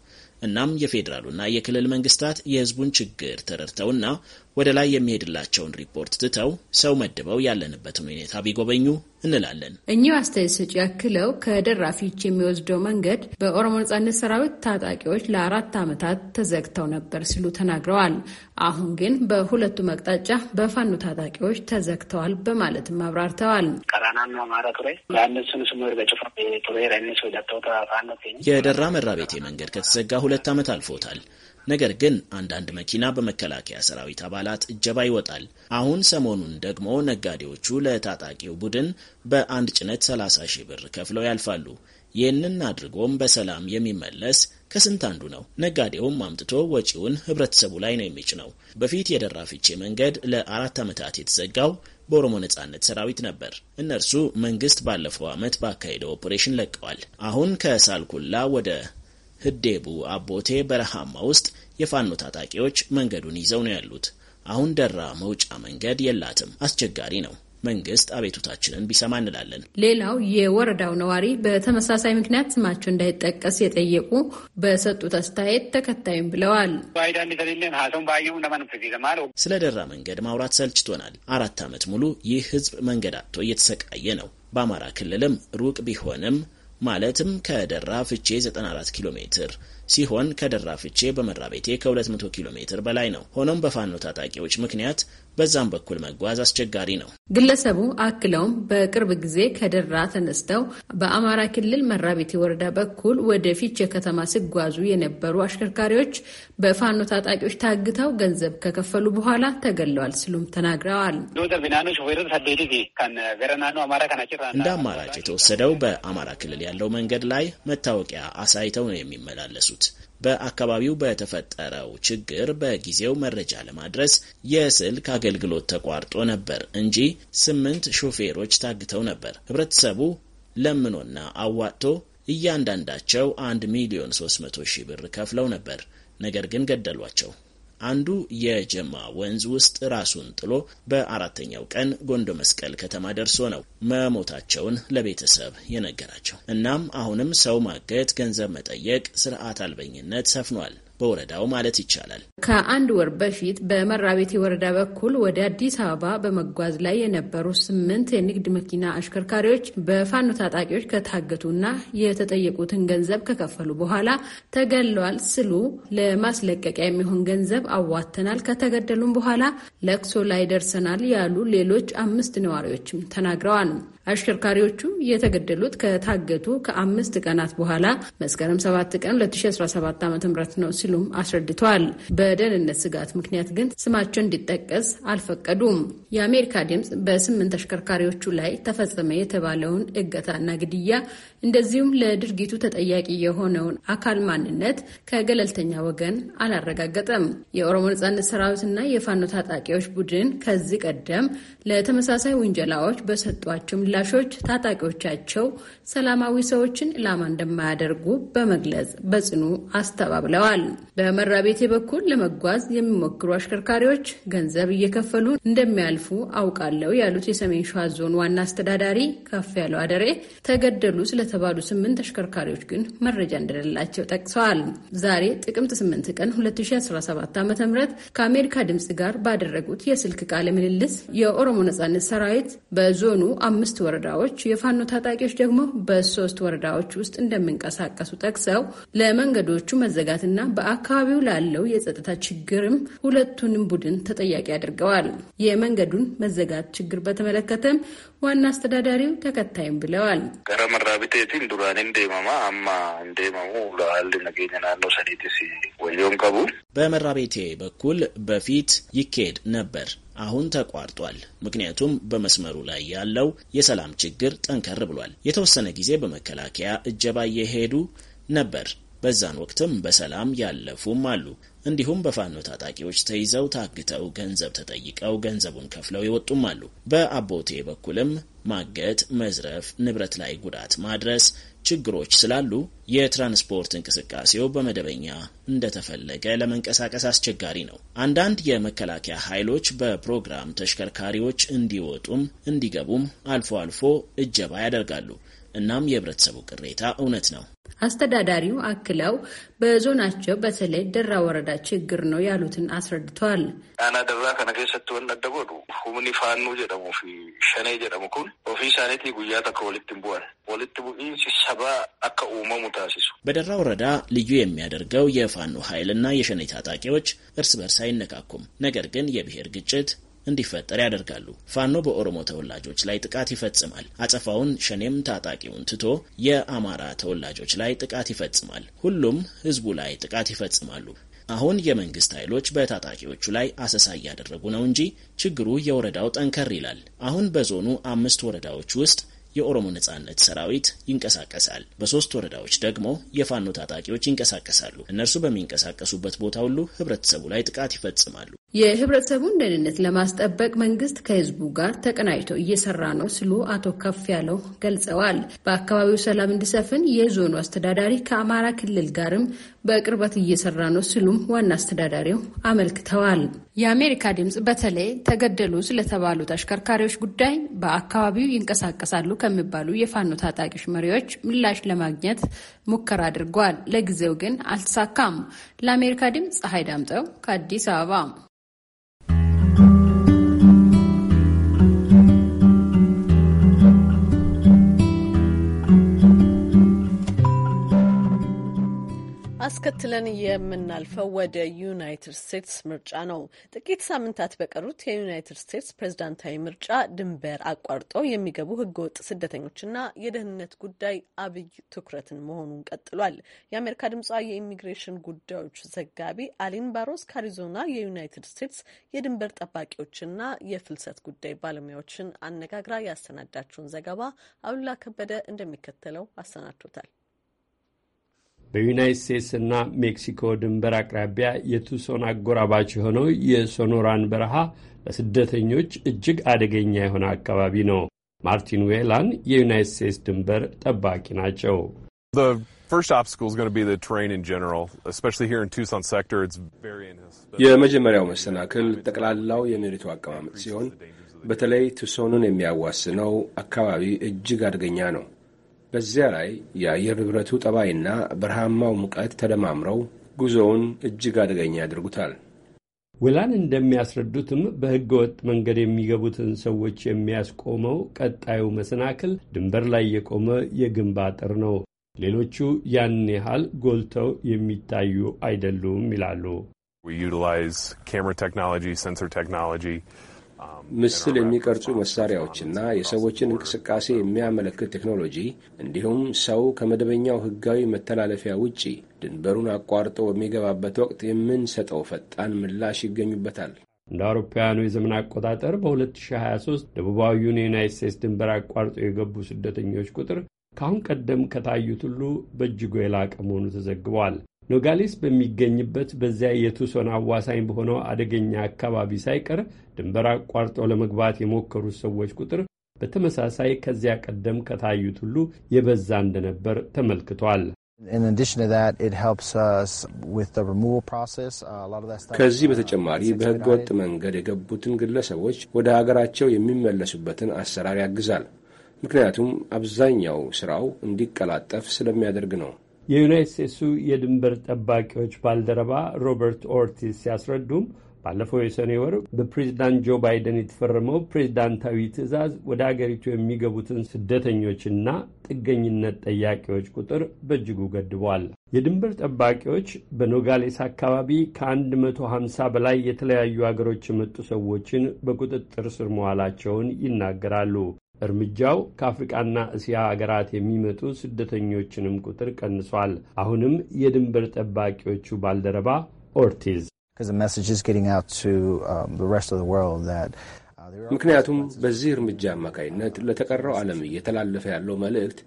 እናም የፌዴራሉና የክልል መንግስታት የህዝቡን ችግር ተረድተውና ወደ ላይ የሚሄድላቸውን ሪፖርት ትተው ሰው መድበው ያለንበትን ሁኔታ ቢጎበኙ እንላለን። እኚሁ አስተያየት ሰጪ ያክለው ከደራ ፊች የሚወስደው መንገድ በኦሮሞ ነጻነት ሰራዊት ታጣቂዎች ለአራት ዓመታት ተዘግተው ነበር ሲሉ ተናግረዋል። አሁን ግን በሁለቱም አቅጣጫ በፋኑ ታጣቂዎች ተዘግተዋል በማለትም አብራርተዋል። የደራ መራቤቴ መንገድ ከተዘጋ ሁለት ዓመት አልፎታል። ነገር ግን አንዳንድ መኪና በመከላከያ ሰራዊት አባላት እጀባ ይወጣል። አሁን ሰሞኑን ደግሞ ነጋዴዎቹ ለታጣቂው ቡድን በአንድ ጭነት 30 ሺህ ብር ከፍለው ያልፋሉ። ይህንን አድርጎም በሰላም የሚመለስ ከስንት አንዱ ነው። ነጋዴውም አምጥቶ ወጪውን ህብረተሰቡ ላይ ነው የሚጭነው። በፊት የደራ ፍቼ መንገድ ለአራት ዓመታት የተዘጋው በኦሮሞ ነጻነት ሰራዊት ነበር። እነርሱ መንግስት ባለፈው ዓመት ባካሄደው ኦፕሬሽን ለቀዋል። አሁን ከሳልኩላ ወደ ህዴቡ አቦቴ በረሃማ ውስጥ የፋኖ ታጣቂዎች መንገዱን ይዘው ነው ያሉት። አሁን ደራ መውጫ መንገድ የላትም፣ አስቸጋሪ ነው። መንግስት አቤቱታችንን ቢሰማ እንላለን። ሌላው የወረዳው ነዋሪ በተመሳሳይ ምክንያት ስማቸው እንዳይጠቀስ የጠየቁ በሰጡት አስተያየት ተከታዩም ብለዋል። ስለ ደራ መንገድ ማውራት ሰልችቶናል። አራት ዓመት ሙሉ ይህ ህዝብ መንገድ አጥቶ እየተሰቃየ ነው። በአማራ ክልልም ሩቅ ቢሆንም ማለትም ከደራ ፍቼ 94 ኪሎ ሜትር ሲሆን ከደራ ፍቼ በመራ ቤቴ ከ200 ኪሎ ሜትር በላይ ነው። ሆኖም በፋኖ ታጣቂዎች ምክንያት በዛም በኩል መጓዝ አስቸጋሪ ነው። ግለሰቡ አክለውም በቅርብ ጊዜ ከደራ ተነስተው በአማራ ክልል መራቤቴ ወረዳ በኩል ወደ ፊቼ ከተማ ሲጓዙ የነበሩ አሽከርካሪዎች በፋኖ ታጣቂዎች ታግተው ገንዘብ ከከፈሉ በኋላ ተገለዋል ሲሉም ተናግረዋል። እንደ አማራጭ የተወሰደው በአማራ ክልል ያለው መንገድ ላይ መታወቂያ አሳይተው ነው የሚመላለሱት። የሚሉት በአካባቢው በተፈጠረው ችግር በጊዜው መረጃ ለማድረስ የስልክ አገልግሎት ተቋርጦ ነበር እንጂ ስምንት ሾፌሮች ታግተው ነበር። ህብረተሰቡ ለምኖና አዋጥቶ እያንዳንዳቸው አንድ ሚሊዮን ሶስት መቶ ሺህ ብር ከፍለው ነበር። ነገር ግን ገደሏቸው። አንዱ የጀማ ወንዝ ውስጥ ራሱን ጥሎ በአራተኛው ቀን ጎንዶ መስቀል ከተማ ደርሶ ነው መሞታቸውን ለቤተሰብ የነገራቸው። እናም አሁንም ሰው ማገት፣ ገንዘብ መጠየቅ፣ ስርዓት አልበኝነት ሰፍኗል። በወረዳው ማለት ይቻላል። ከአንድ ወር በፊት በመራቤቴ ወረዳ በኩል ወደ አዲስ አበባ በመጓዝ ላይ የነበሩ ስምንት የንግድ መኪና አሽከርካሪዎች በፋኖ ታጣቂዎች ከታገቱና የተጠየቁትን ገንዘብ ከከፈሉ በኋላ ተገለዋል ስሉ ለማስለቀቂያ የሚሆን ገንዘብ አዋተናል፣ ከተገደሉም በኋላ ለቅሶ ላይ ደርሰናል ያሉ ሌሎች አምስት ነዋሪዎችም ተናግረዋል። አሽከርካሪዎቹ የተገደሉት ከታገቱ ከአምስት ቀናት በኋላ መስከረም 7 ቀን 2017 ዓ ም ነው ሲሉም አስረድተዋል። በደህንነት ስጋት ምክንያት ግን ስማቸው እንዲጠቀስ አልፈቀዱም። የአሜሪካ ድምፅ በስምንት አሽከርካሪዎቹ ላይ ተፈጸመ የተባለውን እገታና ግድያ እንደዚሁም ለድርጊቱ ተጠያቂ የሆነውን አካል ማንነት ከገለልተኛ ወገን አላረጋገጠም። የኦሮሞ ነጻነት ሰራዊትና የፋኖ ታጣቂዎች ቡድን ከዚህ ቀደም ለተመሳሳይ ውንጀላዎች በሰጧቸው አፍላሾች ታጣቂዎቻቸው ሰላማዊ ሰዎችን ኢላማ እንደማያደርጉ በመግለጽ በጽኑ አስተባብለዋል። በመራቤቴ በኩል ለመጓዝ የሚሞክሩ አሽከርካሪዎች ገንዘብ እየከፈሉ እንደሚያልፉ አውቃለሁ ያሉት የሰሜን ሸዋ ዞን ዋና አስተዳዳሪ ከፍ ያለው አደሬ ተገደሉ ስለተባሉ ስምንት አሽከርካሪዎች ግን መረጃ እንደሌላቸው ጠቅሰዋል። ዛሬ ጥቅምት 8 ቀን 2017 ዓ ም ከአሜሪካ ድምፅ ጋር ባደረጉት የስልክ ቃለ ምልልስ የኦሮሞ ነጻነት ሰራዊት በዞኑ አምስት ወረዳዎች የፋኖ ታጣቂዎች ደግሞ በሶስት ወረዳዎች ውስጥ እንደሚንቀሳቀሱ ጠቅሰው ለመንገዶቹ መዘጋትና በአካባቢው ላለው የጸጥታ ችግርም ሁለቱንም ቡድን ተጠያቂ አድርገዋል። የመንገዱን መዘጋት ችግር በተመለከተም ዋና አስተዳዳሪው ተከታይም ብለዋል። ገረ መራቢቴቲን ዱራን እንዴመማ አማ እንዴመሙ ለአል ነገኝ ናለው ሰኔትሲ ወዮን ቀቡ በመራቤቴ በኩል በፊት ይኬድ ነበር አሁን ተቋርጧል። ምክንያቱም በመስመሩ ላይ ያለው የሰላም ችግር ጠንከር ብሏል። የተወሰነ ጊዜ በመከላከያ እጀባ እየሄዱ ነበር። በዛን ወቅትም በሰላም ያለፉም አሉ። እንዲሁም በፋኖ ታጣቂዎች ተይዘው ታግተው ገንዘብ ተጠይቀው ገንዘቡን ከፍለው የወጡም አሉ። በአቦቴ በኩልም ማገት፣ መዝረፍ፣ ንብረት ላይ ጉዳት ማድረስ ችግሮች ስላሉ የትራንስፖርት እንቅስቃሴው በመደበኛ እንደተፈለገ ለመንቀሳቀስ አስቸጋሪ ነው። አንዳንድ የመከላከያ ኃይሎች በፕሮግራም ተሽከርካሪዎች እንዲወጡም እንዲገቡም አልፎ አልፎ እጀባ ያደርጋሉ። እናም የህብረተሰቡ ቅሬታ እውነት ነው። አስተዳዳሪው አክለው በዞናቸው በተለይ ደራ ወረዳ ችግር ነው ያሉትን አስረድተዋል። ና ደራ ከነገ ከሰት ወነደጎ ሁምኒ ፋኑ ጀደሙ ፊ ጀደሙ ኩን ኦፊ ሳኔቲ ጉያ ተከ ወልትን ቡዋል ወልት ቡኢን ሲሰባ አከ ኡመሙ ታሲሱ በደራ ወረዳ ልዩ የሚያደርገው የፋኑ ኃይልና የሸኔ ታጣቂዎች እርስ በርስ አይነካኩም። ነገር ግን የብሔር ግጭት እንዲፈጠር ያደርጋሉ። ፋኖ በኦሮሞ ተወላጆች ላይ ጥቃት ይፈጽማል። አጸፋውን ሸኔም ታጣቂውን ትቶ የአማራ ተወላጆች ላይ ጥቃት ይፈጽማል። ሁሉም ህዝቡ ላይ ጥቃት ይፈጽማሉ። አሁን የመንግስት ኃይሎች በታጣቂዎቹ ላይ አሰሳ እያደረጉ ነው እንጂ ችግሩ የወረዳው ጠንከር ይላል። አሁን በዞኑ አምስት ወረዳዎች ውስጥ የኦሮሞ ነጻነት ሰራዊት ይንቀሳቀሳል። በሶስት ወረዳዎች ደግሞ የፋኖ ታጣቂዎች ይንቀሳቀሳሉ። እነርሱ በሚንቀሳቀሱበት ቦታ ሁሉ ህብረተሰቡ ላይ ጥቃት ይፈጽማሉ። የህብረተሰቡን ደህንነት ለማስጠበቅ መንግስት ከህዝቡ ጋር ተቀናጅተው እየሰራ ነው ሲሉ አቶ ከፍ ያለው ገልጸዋል። በአካባቢው ሰላም እንዲሰፍን የዞኑ አስተዳዳሪ ከአማራ ክልል ጋርም በቅርበት እየሰራ ነው ሲሉም ዋና አስተዳዳሪው አመልክተዋል። የአሜሪካ ድምፅ በተለይ ተገደሉ ስለተባሉ ተሽከርካሪዎች ጉዳይ በአካባቢው ይንቀሳቀሳሉ ከሚባሉ የፋኖ ታጣቂዎች መሪዎች ምላሽ ለማግኘት ሙከራ አድርጓል። ለጊዜው ግን አልተሳካም። ለአሜሪካ ድምፅ ፀሐይ ዳምጠው ከአዲስ አበባ አስከትለን የምናልፈው ወደ ዩናይትድ ስቴትስ ምርጫ ነው። ጥቂት ሳምንታት በቀሩት የዩናይትድ ስቴትስ ፕሬዝዳንታዊ ምርጫ ድንበር አቋርጠው የሚገቡ ህገወጥ ስደተኞችና የደህንነት ጉዳይ አብይ ትኩረትን መሆኑን ቀጥሏል። የአሜሪካ ድምጿ የኢሚግሬሽን ጉዳዮች ዘጋቢ አሊን ባሮስ ከአሪዞና የዩናይትድ ስቴትስ የድንበር ጠባቂዎችና የፍልሰት ጉዳይ ባለሙያዎችን አነጋግራ ያሰናዳችውን ዘገባ አሉላ ከበደ እንደሚከተለው አሰናድቶታል። በዩናይት ስቴትስና ሜክሲኮ ድንበር አቅራቢያ የቱሶን አጎራባች የሆነው የሶኖራን በረሃ ለስደተኞች እጅግ አደገኛ የሆነ አካባቢ ነው። ማርቲን ዌላን የዩናይት ስቴትስ ድንበር ጠባቂ ናቸው። የመጀመሪያው መሰናክል ጠቅላላው የመሬቱ አቀማመጥ ሲሆን በተለይ ቱሶኑን የሚያዋስነው አካባቢ እጅግ አደገኛ ነው። በዚያ ላይ የአየር ንብረቱ ጠባይና በረሃማው ሙቀት ተደማምረው ጉዞውን እጅግ አደገኛ ያደርጉታል። ውላን እንደሚያስረዱትም በሕገ ወጥ መንገድ የሚገቡትን ሰዎች የሚያስቆመው ቀጣዩ መሰናክል ድንበር ላይ የቆመ የግንብ አጥር ነው። ሌሎቹ ያን ያህል ጎልተው የሚታዩ አይደሉም ይላሉ። We utilize camera technology, sensor technology, ምስል የሚቀርጹ መሳሪያዎችና የሰዎችን እንቅስቃሴ የሚያመለክት ቴክኖሎጂ እንዲሁም ሰው ከመደበኛው ሕጋዊ መተላለፊያ ውጪ ድንበሩን አቋርጦ በሚገባበት ወቅት የምንሰጠው ፈጣን ምላሽ ይገኙበታል። እንደ አውሮፓውያኑ የዘመን አቆጣጠር በ2023 ደቡባዊውን የዩናይት ስቴትስ ድንበር አቋርጦ የገቡ ስደተኞች ቁጥር ከአሁን ቀደም ከታዩት ሁሉ በእጅጉ የላቀ መሆኑ ተዘግቧል። ኖጋሌስ በሚገኝበት በዚያ የቱሶን አዋሳኝ በሆነው አደገኛ አካባቢ ሳይቀር ድንበር አቋርጠው ለመግባት የሞከሩት ሰዎች ቁጥር በተመሳሳይ ከዚያ ቀደም ከታዩት ሁሉ የበዛ እንደነበር ተመልክቷል። ከዚህ በተጨማሪ በሕገ ወጥ መንገድ የገቡትን ግለሰቦች ወደ ሀገራቸው የሚመለሱበትን አሰራር ያግዛል። ምክንያቱም አብዛኛው ስራው እንዲቀላጠፍ ስለሚያደርግ ነው። የዩናይት ስቴትሱ የድንበር ጠባቂዎች ባልደረባ ሮበርት ኦርቲስ ሲያስረዱም ባለፈው የሰኔ ወር በፕሬዚዳንት ጆ ባይደን የተፈረመው ፕሬዚዳንታዊ ትዕዛዝ ወደ አገሪቱ የሚገቡትን ስደተኞችና ጥገኝነት ጠያቂዎች ቁጥር በእጅጉ ገድቧል። የድንበር ጠባቂዎች በኖጋሌስ አካባቢ ከ150 በላይ የተለያዩ አገሮች የመጡ ሰዎችን በቁጥጥር ስር መዋላቸውን ይናገራሉ። እርምጃው ከአፍሪቃና እስያ አገራት የሚመጡ ስደተኞችንም ቁጥር ቀንሷል። አሁንም የድንበር ጠባቂዎቹ ባልደረባ ኦርቲዝ um, uh, ምክንያቱም በዚህ እርምጃ አማካይነት ለተቀረው ዓለም እየተላለፈ ያለው መልእክት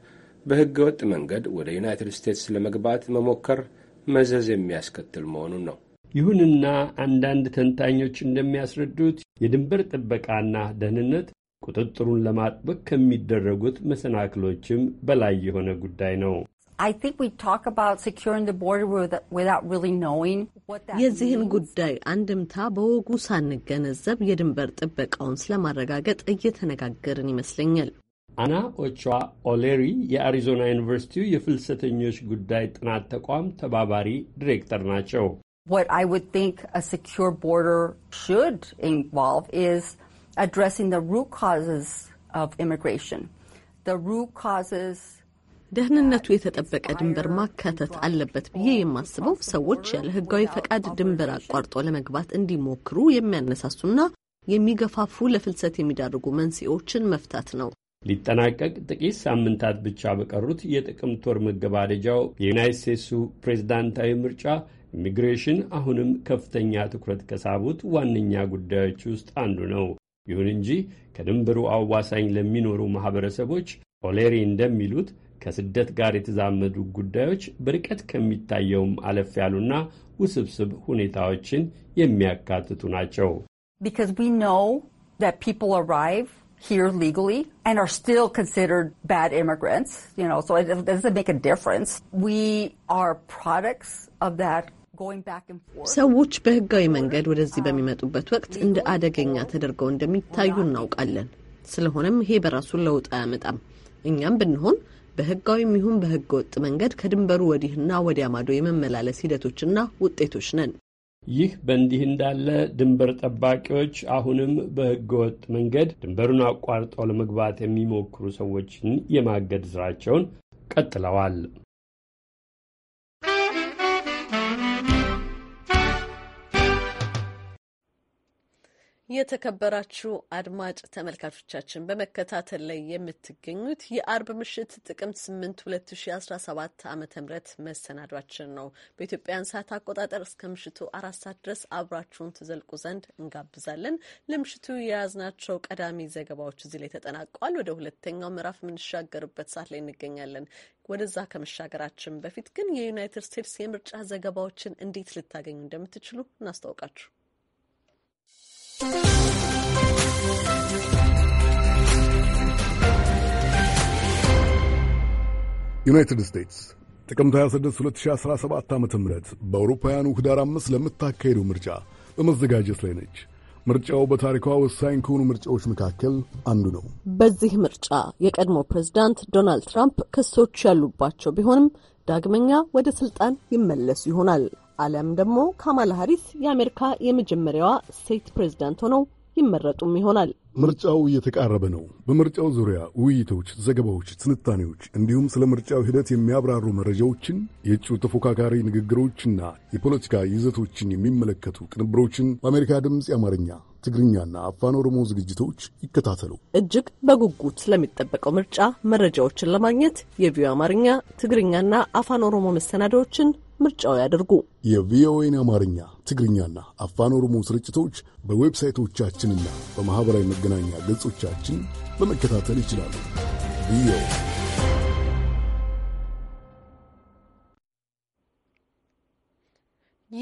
በሕገ ወጥ መንገድ ወደ ዩናይትድ ስቴትስ ለመግባት መሞከር መዘዝ የሚያስከትል መሆኑን ነው። ይሁንና አንዳንድ ተንታኞች እንደሚያስረዱት የድንበር ጥበቃና ደህንነት ቁጥጥሩን ለማጥበቅ ከሚደረጉት መሰናክሎችም በላይ የሆነ ጉዳይ ነው። የዚህን ጉዳይ አንድምታ በወጉ ሳንገነዘብ የድንበር ጥበቃውን ስለማረጋገጥ እየተነጋገርን ይመስለኛል። አና ኦቿ ኦሌሪ የአሪዞና ዩኒቨርሲቲው የፍልሰተኞች ጉዳይ ጥናት ተቋም ተባባሪ ዲሬክተር ናቸው። What I would think a secure border should involve is addressing the root causes of immigration. The root causes uh, ደህንነቱ የተጠበቀ ድንበር ማካተት አለበት ብዬ የማስበው ሰዎች ያለ ሕጋዊ ፈቃድ ድንበር አቋርጦ ለመግባት እንዲሞክሩ የሚያነሳሱና የሚገፋፉ ለፍልሰት የሚዳርጉ መንስኤዎችን መፍታት ነው። ሊጠናቀቅ ጥቂት ሳምንታት ብቻ በቀሩት የጥቅምት ወር መገባደጃው የዩናይት ስቴትሱ ፕሬዚዳንታዊ ምርጫ ኢሚግሬሽን አሁንም ከፍተኛ ትኩረት ከሳቡት ዋነኛ ጉዳዮች ውስጥ አንዱ ነው። ይሁን እንጂ ከድንበሩ አዋሳኝ ለሚኖሩ ማኅበረሰቦች ኦሌሪ እንደሚሉት ከስደት ጋር የተዛመዱ ጉዳዮች በርቀት ከሚታየውም አለፍ ያሉና ውስብስብ ሁኔታዎችን የሚያካትቱ ናቸው። ሰዎች በህጋዊ መንገድ ወደዚህ በሚመጡበት ወቅት እንደ አደገኛ ተደርገው እንደሚታዩ እናውቃለን። ስለሆነም ይሄ በራሱ ለውጥ አያመጣም። እኛም ብንሆን በህጋዊም ይሁን በህገ ወጥ መንገድ ከድንበሩ ወዲህና ወዲያ ማዶ የመመላለስ ሂደቶችና ውጤቶች ነን። ይህ በእንዲህ እንዳለ ድንበር ጠባቂዎች አሁንም በህገ ወጥ መንገድ ድንበሩን አቋርጠው ለመግባት የሚሞክሩ ሰዎችን የማገድ ስራቸውን ቀጥለዋል። የተከበራችሁ አድማጭ ተመልካቾቻችን በመከታተል ላይ የምትገኙት የአርብ ምሽት ጥቅምት 8 2017 ዓ ም መሰናዷችን ነው። በኢትዮጵያን ሰዓት አቆጣጠር እስከ ምሽቱ አራት ሰዓት ድረስ አብራችሁን ትዘልቁ ዘንድ እንጋብዛለን። ለምሽቱ የያዝናቸው ቀዳሚ ዘገባዎች እዚህ ላይ ተጠናቀዋል። ወደ ሁለተኛው ምዕራፍ የምንሻገርበት ሰዓት ላይ እንገኛለን። ወደዛ ከመሻገራችን በፊት ግን የዩናይትድ ስቴትስ የምርጫ ዘገባዎችን እንዴት ልታገኙ እንደምትችሉ እናስታውቃችሁ። ዩናይትድ ስቴትስ ጥቅምት 26 2017 ዓ ም በአውሮፓውያኑ ኅዳር አምስት ለምታካሄደው ምርጫ በመዘጋጀት ላይ ነች። ምርጫው በታሪኳ ወሳኝ ከሆኑ ምርጫዎች መካከል አንዱ ነው። በዚህ ምርጫ የቀድሞ ፕሬዝዳንት ዶናልድ ትራምፕ ክሶች ያሉባቸው ቢሆንም ዳግመኛ ወደ ስልጣን ይመለሱ ይሆናል። አሊያም ደግሞ ካማላ ሀሪስ የአሜሪካ የመጀመሪያዋ ሴት ፕሬዝዳንት ሆነው ይመረጡም ይሆናል። ምርጫው እየተቃረበ ነው። በምርጫው ዙሪያ ውይይቶች፣ ዘገባዎች፣ ትንታኔዎች እንዲሁም ስለ ምርጫው ሂደት የሚያብራሩ መረጃዎችን የእጩ ተፎካካሪ ንግግሮችና የፖለቲካ ይዘቶችን የሚመለከቱ ቅንብሮችን በአሜሪካ ድምፅ የአማርኛ ትግርኛና አፋን ኦሮሞ ዝግጅቶች ይከታተሉ። እጅግ በጉጉት ስለሚጠበቀው ምርጫ መረጃዎችን ለማግኘት የቪዮ አማርኛ ትግርኛና አፋን ኦሮሞ መሰናዳዎችን ምርጫው ያደርጉ። የቪኦኤን አማርኛ፣ ትግርኛና አፋን ኦሮሞ ስርጭቶች በዌብሳይቶቻችንና በማኅበራዊ መገናኛ ገጾቻችን በመከታተል ይችላሉ። ቪኦኤ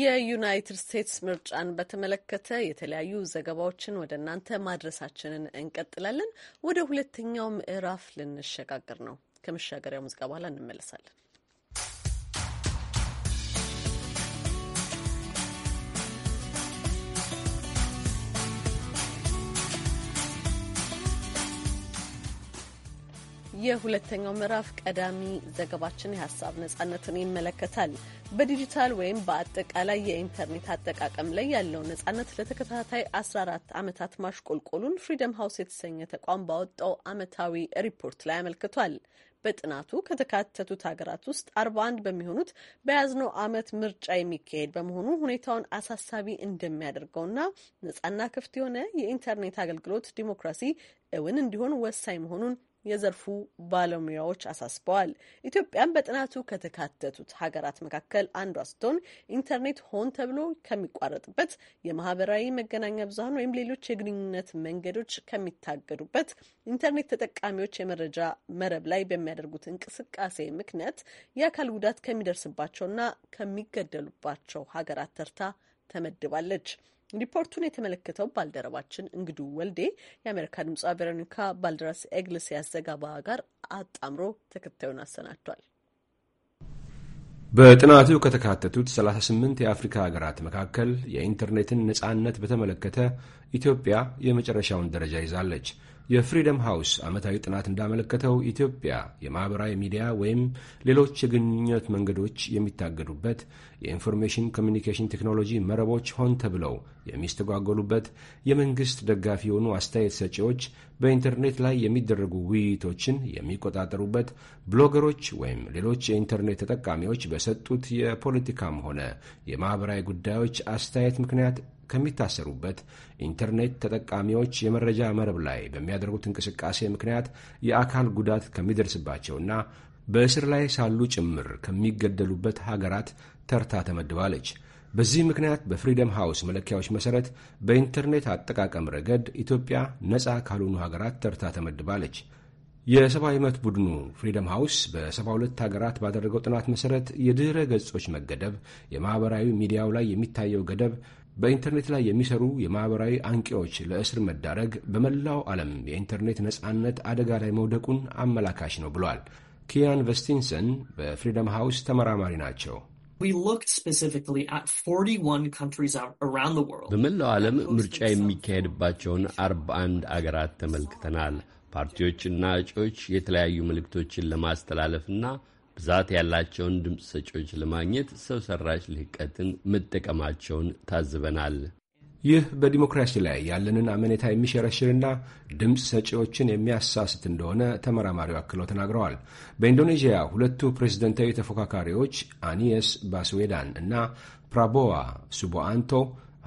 የዩናይትድ ስቴትስ ምርጫን በተመለከተ የተለያዩ ዘገባዎችን ወደ እናንተ ማድረሳችንን እንቀጥላለን። ወደ ሁለተኛው ምዕራፍ ልንሸጋገር ነው። ከመሻገሪያው ሙዚቃ በኋላ እንመለሳለን። የሁለተኛው ምዕራፍ ቀዳሚ ዘገባችን የሀሳብ ነጻነትን ይመለከታል። በዲጂታል ወይም በአጠቃላይ የኢንተርኔት አጠቃቀም ላይ ያለው ነጻነት ለተከታታይ 14 ዓመታት ማሽቆልቆሉን ፍሪደም ሀውስ የተሰኘ ተቋም ባወጣው ዓመታዊ ሪፖርት ላይ አመልክቷል። በጥናቱ ከተካተቱት ሀገራት ውስጥ 41 በሚሆኑት በያዝነው ዓመት ምርጫ የሚካሄድ በመሆኑ ሁኔታውን አሳሳቢ እንደሚያደርገውና ነጻና ክፍት የሆነ የኢንተርኔት አገልግሎት ዲሞክራሲ እውን እንዲሆን ወሳኝ መሆኑን የዘርፉ ባለሙያዎች አሳስበዋል። ኢትዮጵያን በጥናቱ ከተካተቱት ሀገራት መካከል አንዷ ስትሆን ኢንተርኔት ሆን ተብሎ ከሚቋረጥበት የማህበራዊ መገናኛ ብዙሀን ወይም ሌሎች የግንኙነት መንገዶች ከሚታገዱበት ኢንተርኔት ተጠቃሚዎች የመረጃ መረብ ላይ በሚያደርጉት እንቅስቃሴ ምክንያት የአካል ጉዳት ከሚደርስባቸውና ከሚገደሉባቸው ሀገራት ተርታ ተመድባለች። ሪፖርቱን የተመለከተው ባልደረባችን እንግዱ ወልዴ የአሜሪካ ድምጽ ቬሮኒካ ባልደራስ ኤግልሲያስ ዘገባ ጋር አጣምሮ ተከታዩን አሰናድቷል። በጥናቱ ከተካተቱት 38 የአፍሪካ ሀገራት መካከል የኢንተርኔትን ነጻነት በተመለከተ ኢትዮጵያ የመጨረሻውን ደረጃ ይዛለች። የፍሪደም ሃውስ ዓመታዊ ጥናት እንዳመለከተው ኢትዮጵያ የማኅበራዊ ሚዲያ ወይም ሌሎች የግንኙነት መንገዶች የሚታገዱበት፣ የኢንፎርሜሽን ኮሚኒኬሽን ቴክኖሎጂ መረቦች ሆን ተብለው የሚስተጓገሉበት የመንግሥት ደጋፊ የሆኑ አስተያየት ሰጪዎች በኢንተርኔት ላይ የሚደረጉ ውይይቶችን የሚቆጣጠሩበት፣ ብሎገሮች ወይም ሌሎች የኢንተርኔት ተጠቃሚዎች በሰጡት የፖለቲካም ሆነ የማኅበራዊ ጉዳዮች አስተያየት ምክንያት ከሚታሰሩበት ኢንተርኔት ተጠቃሚዎች የመረጃ መረብ ላይ በሚያደርጉት እንቅስቃሴ ምክንያት የአካል ጉዳት ከሚደርስባቸውና በእስር ላይ ሳሉ ጭምር ከሚገደሉበት ሀገራት ተርታ ተመድባለች። በዚህ ምክንያት በፍሪደም ሃውስ መለኪያዎች መሠረት በኢንተርኔት አጠቃቀም ረገድ ኢትዮጵያ ነፃ ካልሆኑ ሀገራት ተርታ ተመድባለች። የሰብአዊ መብት ቡድኑ ፍሪደም ሃውስ በ72 ሀገራት ባደረገው ጥናት መሠረት የድኅረ ገጾች መገደብ፣ የማኅበራዊ ሚዲያው ላይ የሚታየው ገደብ በኢንተርኔት ላይ የሚሰሩ የማኅበራዊ አንቂዎች ለእስር መዳረግ በመላው ዓለም የኢንተርኔት ነጻነት አደጋ ላይ መውደቁን አመላካሽ ነው ብሏል። ኪያን ቨስቲንሰን በፍሪደም ሃውስ ተመራማሪ ናቸው። በመላው ዓለም ምርጫ የሚካሄድባቸውን አርባ አንድ አገራት ተመልክተናል። ፓርቲዎችና እጩዎች የተለያዩ ምልክቶችን ለማስተላለፍና ብዛት ያላቸውን ድምፅ ሰጪዎች ለማግኘት ሰው ሰራሽ ልህቀትን መጠቀማቸውን ታዝበናል። ይህ በዲሞክራሲ ላይ ያለንን አመኔታ የሚሸረሽርና ድምፅ ሰጪዎችን የሚያሳስት እንደሆነ ተመራማሪው አክለው ተናግረዋል። በኢንዶኔዥያ ሁለቱ ፕሬዝደንታዊ ተፎካካሪዎች አኒየስ ባስዌዳን እና ፕራቦዋ ሱቦአንቶ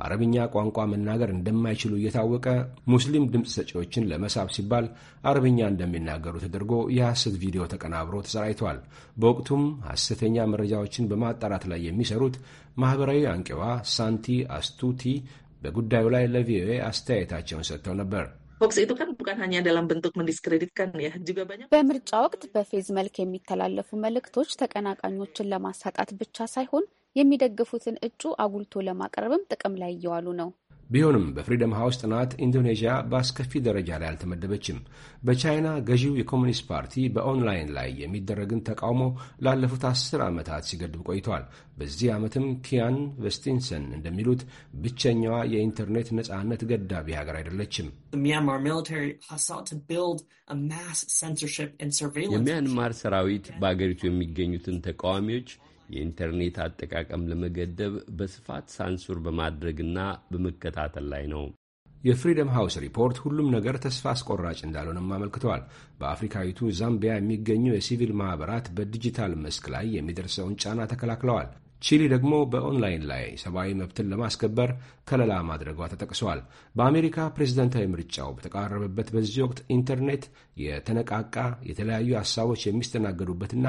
አረብኛ ቋንቋ መናገር እንደማይችሉ እየታወቀ ሙስሊም ድምፅ ሰጪዎችን ለመሳብ ሲባል አረብኛ እንደሚናገሩ ተደርጎ የሐሰት ቪዲዮ ተቀናብሮ ተሰራይቷል። በወቅቱም ሐሰተኛ መረጃዎችን በማጣራት ላይ የሚሰሩት ማኅበራዊ አንቂዋ ሳንቲ አስቱቲ በጉዳዩ ላይ ለቪኦኤ አስተያየታቸውን ሰጥተው ነበር። በምርጫ ወቅት በፌዝ መልክ የሚተላለፉ መልእክቶች ተቀናቃኞችን ለማሳጣት ብቻ ሳይሆን የሚደግፉትን እጩ አጉልቶ ለማቅረብም ጥቅም ላይ እየዋሉ ነው። ቢሆንም በፍሪደም ሃውስ ጥናት ኢንዶኔዥያ በአስከፊ ደረጃ ላይ አልተመደበችም። በቻይና ገዢው የኮሚኒስት ፓርቲ በኦንላይን ላይ የሚደረግን ተቃውሞ ላለፉት አስር ዓመታት ሲገድብ ቆይቷል። በዚህ ዓመትም ኪያን ቨስቲንሰን እንደሚሉት ብቸኛዋ የኢንተርኔት ነጻነት ገዳቢ ሀገር አይደለችም። የሚያንማር ሰራዊት በአገሪቱ የሚገኙትን ተቃዋሚዎች የኢንተርኔት አጠቃቀም ለመገደብ በስፋት ሳንሱር በማድረግና በመከታተል ላይ ነው። የፍሪደም ሃውስ ሪፖርት ሁሉም ነገር ተስፋ አስቆራጭ እንዳልሆነም አመልክተዋል። በአፍሪካዊቱ ዛምቢያ የሚገኙ የሲቪል ማኅበራት በዲጂታል መስክ ላይ የሚደርሰውን ጫና ተከላክለዋል። ቺሊ ደግሞ በኦንላይን ላይ ሰብአዊ መብትን ለማስከበር ከለላ ማድረጓ ተጠቅሷል። በአሜሪካ ፕሬዝደንታዊ ምርጫው በተቃረበበት በዚህ ወቅት ኢንተርኔት የተነቃቃ የተለያዩ ሀሳቦች የሚስተናገዱበትና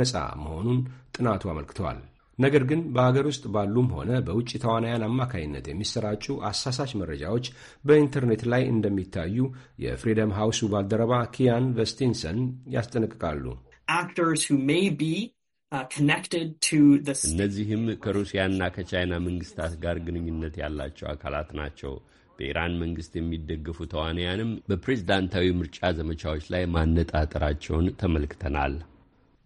ነፃ መሆኑን ጥናቱ አመልክተዋል። ነገር ግን በሀገር ውስጥ ባሉም ሆነ በውጭ ተዋናያን አማካይነት የሚሰራጩ አሳሳች መረጃዎች በኢንተርኔት ላይ እንደሚታዩ የፍሪደም ሃውሱ ባልደረባ ኪያን ቨስቲንሰን ያስጠነቅቃሉ። uh, እነዚህም ከሩሲያና ከቻይና መንግስታት ጋር ግንኙነት ያላቸው አካላት ናቸው። በኢራን መንግስት የሚደገፉ ተዋናያንም በፕሬዝዳንታዊ ምርጫ ዘመቻዎች ላይ ማነጣጠራቸውን ተመልክተናል።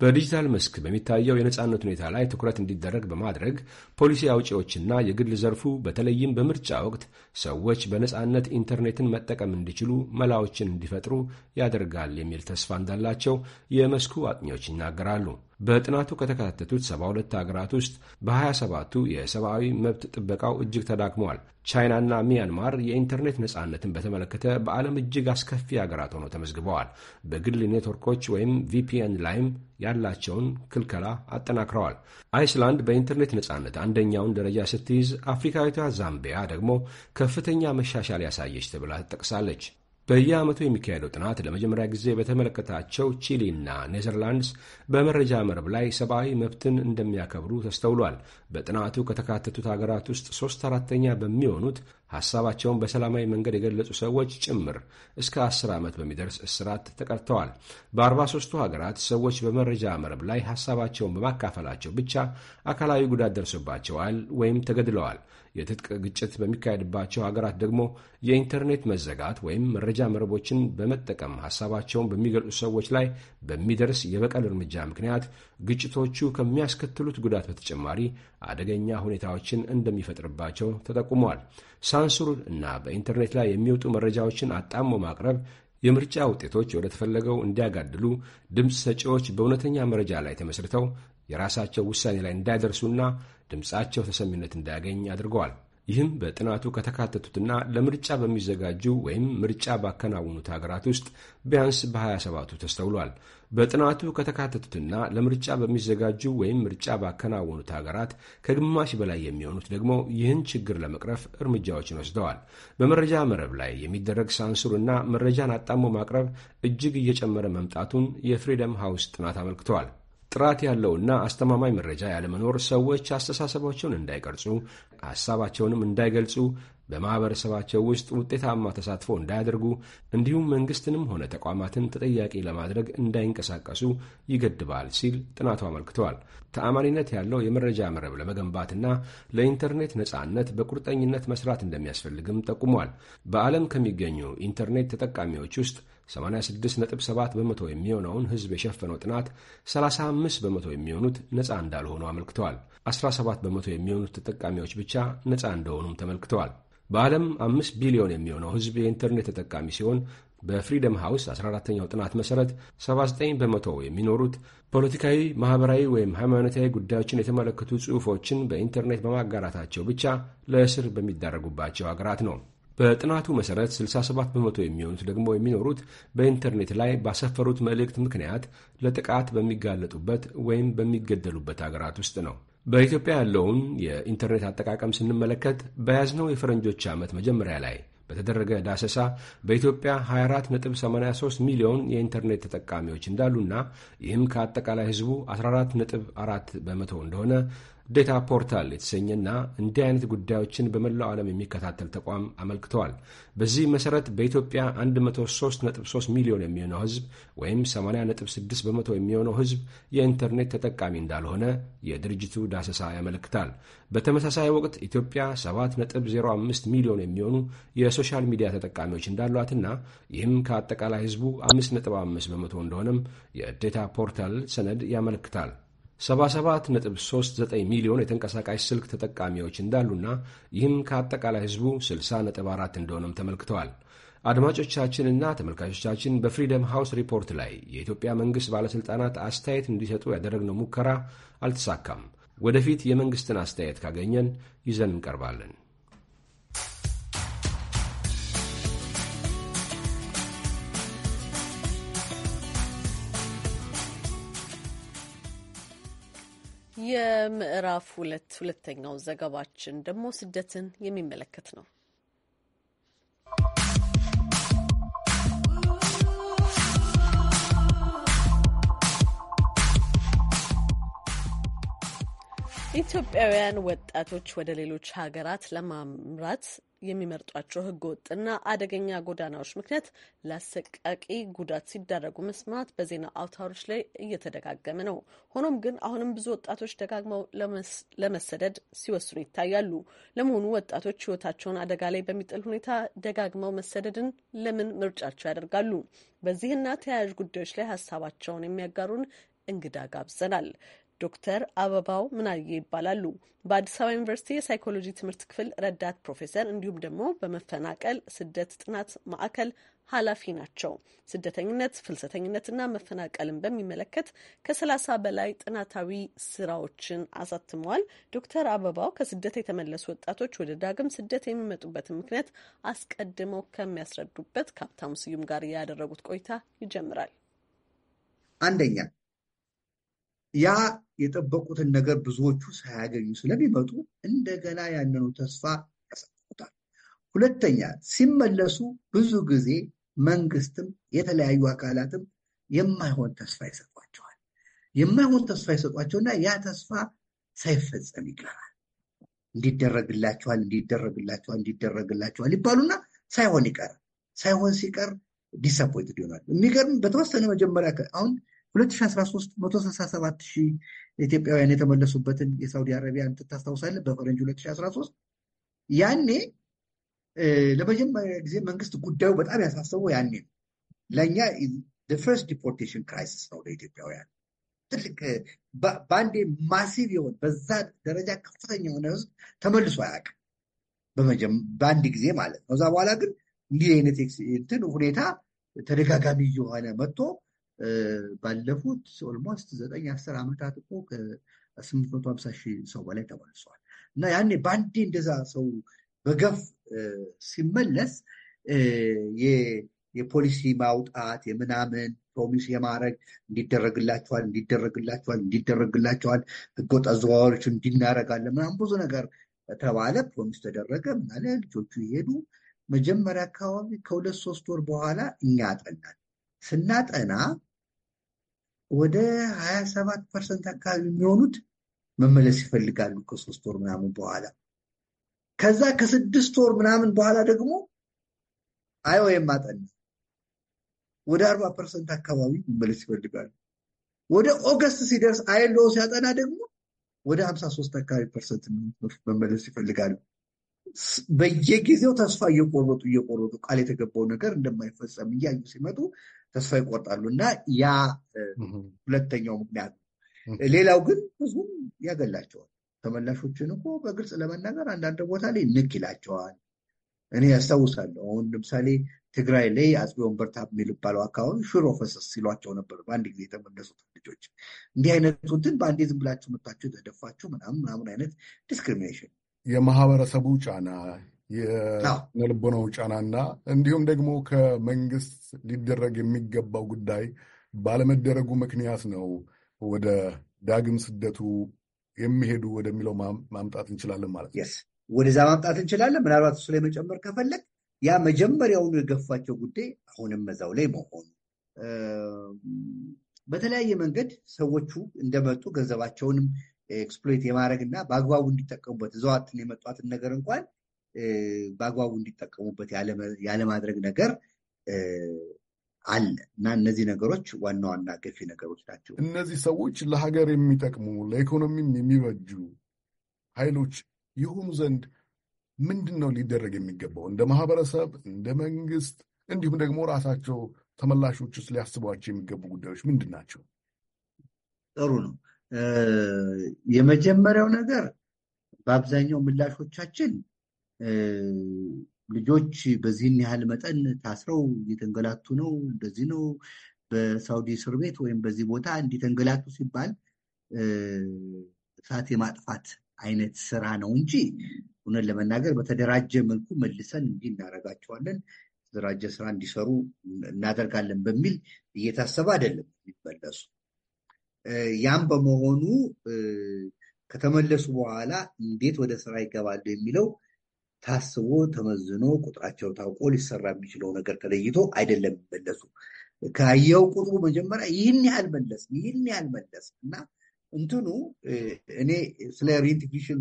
በዲጂታል መስክ በሚታየው የነፃነት ሁኔታ ላይ ትኩረት እንዲደረግ በማድረግ ፖሊሲ አውጪዎችና የግል ዘርፉ በተለይም በምርጫ ወቅት ሰዎች በነፃነት ኢንተርኔትን መጠቀም እንዲችሉ መላዎችን እንዲፈጥሩ ያደርጋል የሚል ተስፋ እንዳላቸው የመስኩ አጥኚዎች ይናገራሉ። በጥናቱ ከተካተቱት 72 ሀገራት ውስጥ በ27ቱ የሰብአዊ መብት ጥበቃው እጅግ ተዳክመዋል። ቻይናና ሚያንማር የኢንተርኔት ነጻነትን በተመለከተ በዓለም እጅግ አስከፊ ሀገራት ሆነው ተመዝግበዋል። በግል ኔትወርኮች ወይም ቪፒኤን ላይም ያላቸውን ክልከላ አጠናክረዋል። አይስላንድ በኢንተርኔት ነጻነት አንደኛውን ደረጃ ስትይዝ፣ አፍሪካዊቷ ዛምቢያ ደግሞ ከፍተኛ መሻሻል ያሳየች ተብላ ትጠቅሳለች። በየዓመቱ የሚካሄደው ጥናት ለመጀመሪያ ጊዜ በተመለከታቸው ቺሊ ኔዘርላንድስ በመረጃ መረብ ላይ ሰብአዊ መብትን እንደሚያከብሩ ተስተውሏል። በጥናቱ ከተካተቱት ሀገራት ውስጥ ሦስት አራተኛ በሚሆኑት ሐሳባቸውን በሰላማዊ መንገድ የገለጹ ሰዎች ጭምር እስከ አስር ዓመት በሚደርስ እስራት ተቀጥተዋል በአርባ 43 ሀገራት ሰዎች በመረጃ መረብ ላይ ሐሳባቸውን በማካፈላቸው ብቻ አካላዊ ጉዳት ደርሶባቸዋል ወይም ተገድለዋል። የትጥቅ ግጭት በሚካሄድባቸው ሀገራት ደግሞ የኢንተርኔት መዘጋት ወይም መረጃ መረቦችን በመጠቀም ሀሳባቸውን በሚገልጹ ሰዎች ላይ በሚደርስ የበቀል እርምጃ ምክንያት ግጭቶቹ ከሚያስከትሉት ጉዳት በተጨማሪ አደገኛ ሁኔታዎችን እንደሚፈጥርባቸው ተጠቁመዋል። ሳንሱር እና በኢንተርኔት ላይ የሚወጡ መረጃዎችን አጣሞ ማቅረብ የምርጫ ውጤቶች ወደ ተፈለገው እንዲያጋድሉ ድምፅ ሰጪዎች በእውነተኛ መረጃ ላይ ተመስርተው የራሳቸው ውሳኔ ላይ እንዳይደርሱና ድምፃቸው ተሰሚነት እንዳያገኝ አድርገዋል። ይህም በጥናቱ ከተካተቱትና ለምርጫ በሚዘጋጁ ወይም ምርጫ ባከናወኑት ሀገራት ውስጥ ቢያንስ በ27ቱ ተስተውሏል። በጥናቱ ከተካተቱትና ለምርጫ በሚዘጋጁ ወይም ምርጫ ባከናወኑት ሀገራት ከግማሽ በላይ የሚሆኑት ደግሞ ይህን ችግር ለመቅረፍ እርምጃዎችን ወስደዋል። በመረጃ መረብ ላይ የሚደረግ ሳንሱርና መረጃን አጣሞ ማቅረብ እጅግ እየጨመረ መምጣቱን የፍሪደም ሃውስ ጥናት አመልክተዋል። ጥራት ያለውና አስተማማኝ መረጃ ያለመኖር ሰዎች አስተሳሰባቸውን እንዳይቀርጹ፣ ሀሳባቸውንም እንዳይገልጹ፣ በማህበረሰባቸው ውስጥ ውጤታማ ተሳትፎ እንዳያደርጉ እንዲሁም መንግስትንም ሆነ ተቋማትን ተጠያቂ ለማድረግ እንዳይንቀሳቀሱ ይገድባል ሲል ጥናቱ አመልክተዋል። ተአማኒነት ያለው የመረጃ መረብ ለመገንባትና ለኢንተርኔት ነጻነት በቁርጠኝነት መስራት እንደሚያስፈልግም ጠቁሟል። በዓለም ከሚገኙ ኢንተርኔት ተጠቃሚዎች ውስጥ 86.7 በመቶ የሚሆነውን ህዝብ የሸፈነው ጥናት 35 በመቶ የሚሆኑት ነፃ እንዳልሆኑ አመልክተዋል። 17 በመቶ የሚሆኑት ተጠቃሚዎች ብቻ ነፃ እንደሆኑም ተመልክተዋል። በዓለም 5 ቢሊዮን የሚሆነው ህዝብ የኢንተርኔት ተጠቃሚ ሲሆን በፍሪደም ሃውስ 14ኛው ጥናት መሠረት 79 በመቶ የሚኖሩት ፖለቲካዊ፣ ማኅበራዊ ወይም ሃይማኖታዊ ጉዳዮችን የተመለከቱ ጽሑፎችን በኢንተርኔት በማጋራታቸው ብቻ ለእስር በሚዳረጉባቸው አገራት ነው። በጥናቱ መሠረት 67 በመቶ የሚሆኑት ደግሞ የሚኖሩት በኢንተርኔት ላይ ባሰፈሩት መልእክት ምክንያት ለጥቃት በሚጋለጡበት ወይም በሚገደሉበት አገራት ውስጥ ነው። በኢትዮጵያ ያለውን የኢንተርኔት አጠቃቀም ስንመለከት በያዝነው የፈረንጆች ዓመት መጀመሪያ ላይ በተደረገ ዳሰሳ በኢትዮጵያ 24.83 ሚሊዮን የኢንተርኔት ተጠቃሚዎች እንዳሉና ይህም ከአጠቃላይ ሕዝቡ 14.4 በመቶ እንደሆነ ዴታ ፖርታል የተሰኘና እንዲህ አይነት ጉዳዮችን በመላው ዓለም የሚከታተል ተቋም አመልክተዋል። በዚህ መሠረት በኢትዮጵያ 103.3 ሚሊዮን የሚሆነው ሕዝብ ወይም 80.6 በመቶ የሚሆነው ሕዝብ የኢንተርኔት ተጠቃሚ እንዳልሆነ የድርጅቱ ዳሰሳ ያመለክታል። በተመሳሳይ ወቅት ኢትዮጵያ 7.05 ሚሊዮን የሚሆኑ የሶሻል ሚዲያ ተጠቃሚዎች እንዳሏትና ይህም ከአጠቃላይ ሕዝቡ 5.5 በመቶ እንደሆነም የዴታ ፖርታል ሰነድ ያመለክታል። 77.39 ሚሊዮን የተንቀሳቃሽ ስልክ ተጠቃሚዎች እንዳሉና ይህም ከአጠቃላይ ሕዝቡ 60.4 እንደሆነም ተመልክተዋል። አድማጮቻችንና ተመልካቾቻችን በፍሪደም ሃውስ ሪፖርት ላይ የኢትዮጵያ መንግሥት ባለሥልጣናት አስተያየት እንዲሰጡ ያደረግነው ሙከራ አልተሳካም። ወደፊት የመንግሥትን አስተያየት ካገኘን ይዘን እንቀርባለን። የምዕራፍ ሁለት ሁለተኛው ዘገባችን ደግሞ ስደትን የሚመለከት ነው። ኢትዮጵያውያን ወጣቶች ወደ ሌሎች ሀገራት ለማምራት የሚመርጧቸው ህገወጥና አደገኛ ጎዳናዎች ምክንያት ለአሰቃቂ ጉዳት ሲዳረጉ መስማት በዜና አውታሮች ላይ እየተደጋገመ ነው። ሆኖም ግን አሁንም ብዙ ወጣቶች ደጋግመው ለመሰደድ ሲወስኑ ይታያሉ። ለመሆኑ ወጣቶች ህይወታቸውን አደጋ ላይ በሚጥል ሁኔታ ደጋግመው መሰደድን ለምን ምርጫቸው ያደርጋሉ? በዚህና ተያያዥ ጉዳዮች ላይ ሀሳባቸውን የሚያጋሩን እንግዳ ጋብዘናል። ዶክተር አበባው ምናየ ይባላሉ። በአዲስ አበባ ዩኒቨርሲቲ የሳይኮሎጂ ትምህርት ክፍል ረዳት ፕሮፌሰር እንዲሁም ደግሞ በመፈናቀል ስደት ጥናት ማዕከል ኃላፊ ናቸው። ስደተኝነት፣ ፍልሰተኝነትና መፈናቀልን በሚመለከት ከሰላሳ በላይ ጥናታዊ ስራዎችን አሳትመዋል። ዶክተር አበባው ከስደት የተመለሱ ወጣቶች ወደ ዳግም ስደት የሚመጡበትን ምክንያት አስቀድመው ከሚያስረዱበት ከሀብታሙ ስዩም ጋር ያደረጉት ቆይታ ይጀምራል። አንደኛ ያ የጠበቁትን ነገር ብዙዎቹ ሳያገኙ ስለሚመጡ እንደገና ያንኑ ተስፋ ያሳጡታል። ሁለተኛ ሲመለሱ ብዙ ጊዜ መንግስትም የተለያዩ አካላትም የማይሆን ተስፋ ይሰጧቸዋል። የማይሆን ተስፋ ይሰጧቸውና ያ ተስፋ ሳይፈጸም ይቀራል። እንዲደረግላቸዋል እንዲደረግላቸዋል እንዲደረግላቸዋል ይባሉና ሳይሆን ይቀር ሳይሆን ሲቀር ዲስአፖይንትድ ይሆናል። የሚገርም በተወሰነ መጀመሪያ አሁን 2013 167 ሺህ ኢትዮጵያውያን የተመለሱበትን የሳውዲ አረቢያን ታስታውሳለህ? በፈረንጅ 2013 ያኔ ለመጀመሪያ ጊዜ መንግስት ጉዳዩ በጣም ያሳሰበው ያኔ ነው። ለእኛ ፈርስት ዲፖርቴሽን ክራይሲስ ነው ለኢትዮጵያውያን ትልቅ በአንዴ ማሲቭ የሆነ በዛ ደረጃ ከፍተኛ የሆነ ህዝብ ተመልሶ አያውቅም በአንድ ጊዜ ማለት ነው። ከዛ በኋላ ግን እንዲህ አይነት እንትን ሁኔታ ተደጋጋሚ እየሆነ መጥቶ ባለፉት ኦልሞስት ዘጠኝ አስር ዓመታት እኮ ከስምንት መቶ ሀምሳ ሺህ ሰው በላይ ተመልሷል። እና ያኔ በአንዴ እንደዛ ሰው በገፍ ሲመለስ የፖሊሲ ማውጣት የምናምን ፕሮሚስ የማድረግ እንዲደረግላቸዋል እንዲደረግላቸዋል እንዲደረግላቸዋል ህገወጥ አዘዋዋሪዎች እንዲናረጋለን ምናምን ብዙ ነገር ተባለ። ፕሮሚስ ተደረገ ምናለ ልጆቹ ይሄዱ። መጀመሪያ አካባቢ ከሁለት ሶስት ወር በኋላ እኛ አጠናል ስናጠና ወደ ሀያ ሰባት ፐርሰንት አካባቢ የሚሆኑት መመለስ ይፈልጋሉ ከሶስት ወር ምናምን በኋላ ከዛ ከስድስት ወር ምናምን በኋላ ደግሞ አይወይም አጠና ወደ አርባ ፐርሰንት አካባቢ መመለስ ይፈልጋሉ። ወደ ኦገስት ሲደርስ አይሎ ሲያጠና ደግሞ ወደ ሀምሳ ሶስት አካባቢ ፐርሰንት መመለስ ይፈልጋሉ። በየጊዜው ተስፋ እየቆረጡ እየቆረጡ ቃል የተገባው ነገር እንደማይፈጸም እያዩ ሲመጡ ተስፋ ይቆርጣሉ እና ያ ሁለተኛው ምክንያት ነው። ሌላው ግን ብዙም ያገላቸዋል። ተመላሾችን እኮ በግልጽ ለመናገር አንዳንድ ቦታ ላይ ንክ ይላቸዋል። እኔ ያስታውሳለሁ። አሁን ለምሳሌ ትግራይ ላይ አጽቢ ወንበርታ የሚልባለው አካባቢ ሽሮ ፈሰስ ሲሏቸው ነበር። በአንድ ጊዜ የተመለሱት ልጆች እንዲህ አይነቱ እንትን በአንዴ ዝም ብላችሁ መታችሁ ተደፋችሁ ምናምን ምናምን አይነት ዲስክሪሚኔሽን የማህበረሰቡ ጫና የነልቦናው ጫናና እንዲሁም ደግሞ ከመንግስት ሊደረግ የሚገባው ጉዳይ ባለመደረጉ ምክንያት ነው ወደ ዳግም ስደቱ የሚሄዱ ወደሚለው ማምጣት እንችላለን ማለት ነው። ወደዛ ማምጣት እንችላለን። ምናልባት እሱ ላይ መጨመር ከፈለግ ያ መጀመሪያውኑ የገፋቸው ጉዳይ አሁንም መዛው ላይ መሆኑ በተለያየ መንገድ ሰዎቹ እንደመጡ ገንዘባቸውንም ኤክስፕሎይት የማድረግ እና በአግባቡ እንዲጠቀሙበት እዛዋትን የመጧትን ነገር እንኳን በአግባቡ እንዲጠቀሙበት ያለማድረግ ነገር አለ እና እነዚህ ነገሮች ዋና ዋና ገፊ ነገሮች ናቸው። እነዚህ ሰዎች ለሀገር የሚጠቅሙ ለኢኮኖሚም የሚበጁ ኃይሎች ይሆኑ ዘንድ ምንድን ነው ሊደረግ የሚገባው? እንደ ማህበረሰብ፣ እንደ መንግስት እንዲሁም ደግሞ ራሳቸው ተመላሾች ውስጥ ሊያስቧቸው የሚገቡ ጉዳዮች ምንድን ናቸው? ጥሩ ነው። የመጀመሪያው ነገር በአብዛኛው ምላሾቻችን ልጆች በዚህን ያህል መጠን ታስረው እየተንገላቱ ነው፣ እንደዚህ ነው፣ በሳውዲ እስር ቤት ወይም በዚህ ቦታ እንዲተንገላቱ ሲባል እሳት የማጥፋት አይነት ስራ ነው እንጂ እውነት ለመናገር በተደራጀ መልኩ መልሰን እንዲህ እናደርጋቸዋለን፣ የተደራጀ ስራ እንዲሰሩ እናደርጋለን በሚል እየታሰበ አይደለም የሚመለሱ። ያም በመሆኑ ከተመለሱ በኋላ እንዴት ወደ ስራ ይገባሉ የሚለው ታስቦ ተመዝኖ ቁጥራቸው ታውቆ ሊሰራ የሚችለው ነገር ተለይቶ አይደለም የሚመለሱ ካየው ቁጥሩ መጀመሪያ ይህን ያህል መለስ ይህን ያህል መለስ እና እንትኑ እኔ ስለ ሪኢንቴግሬሽን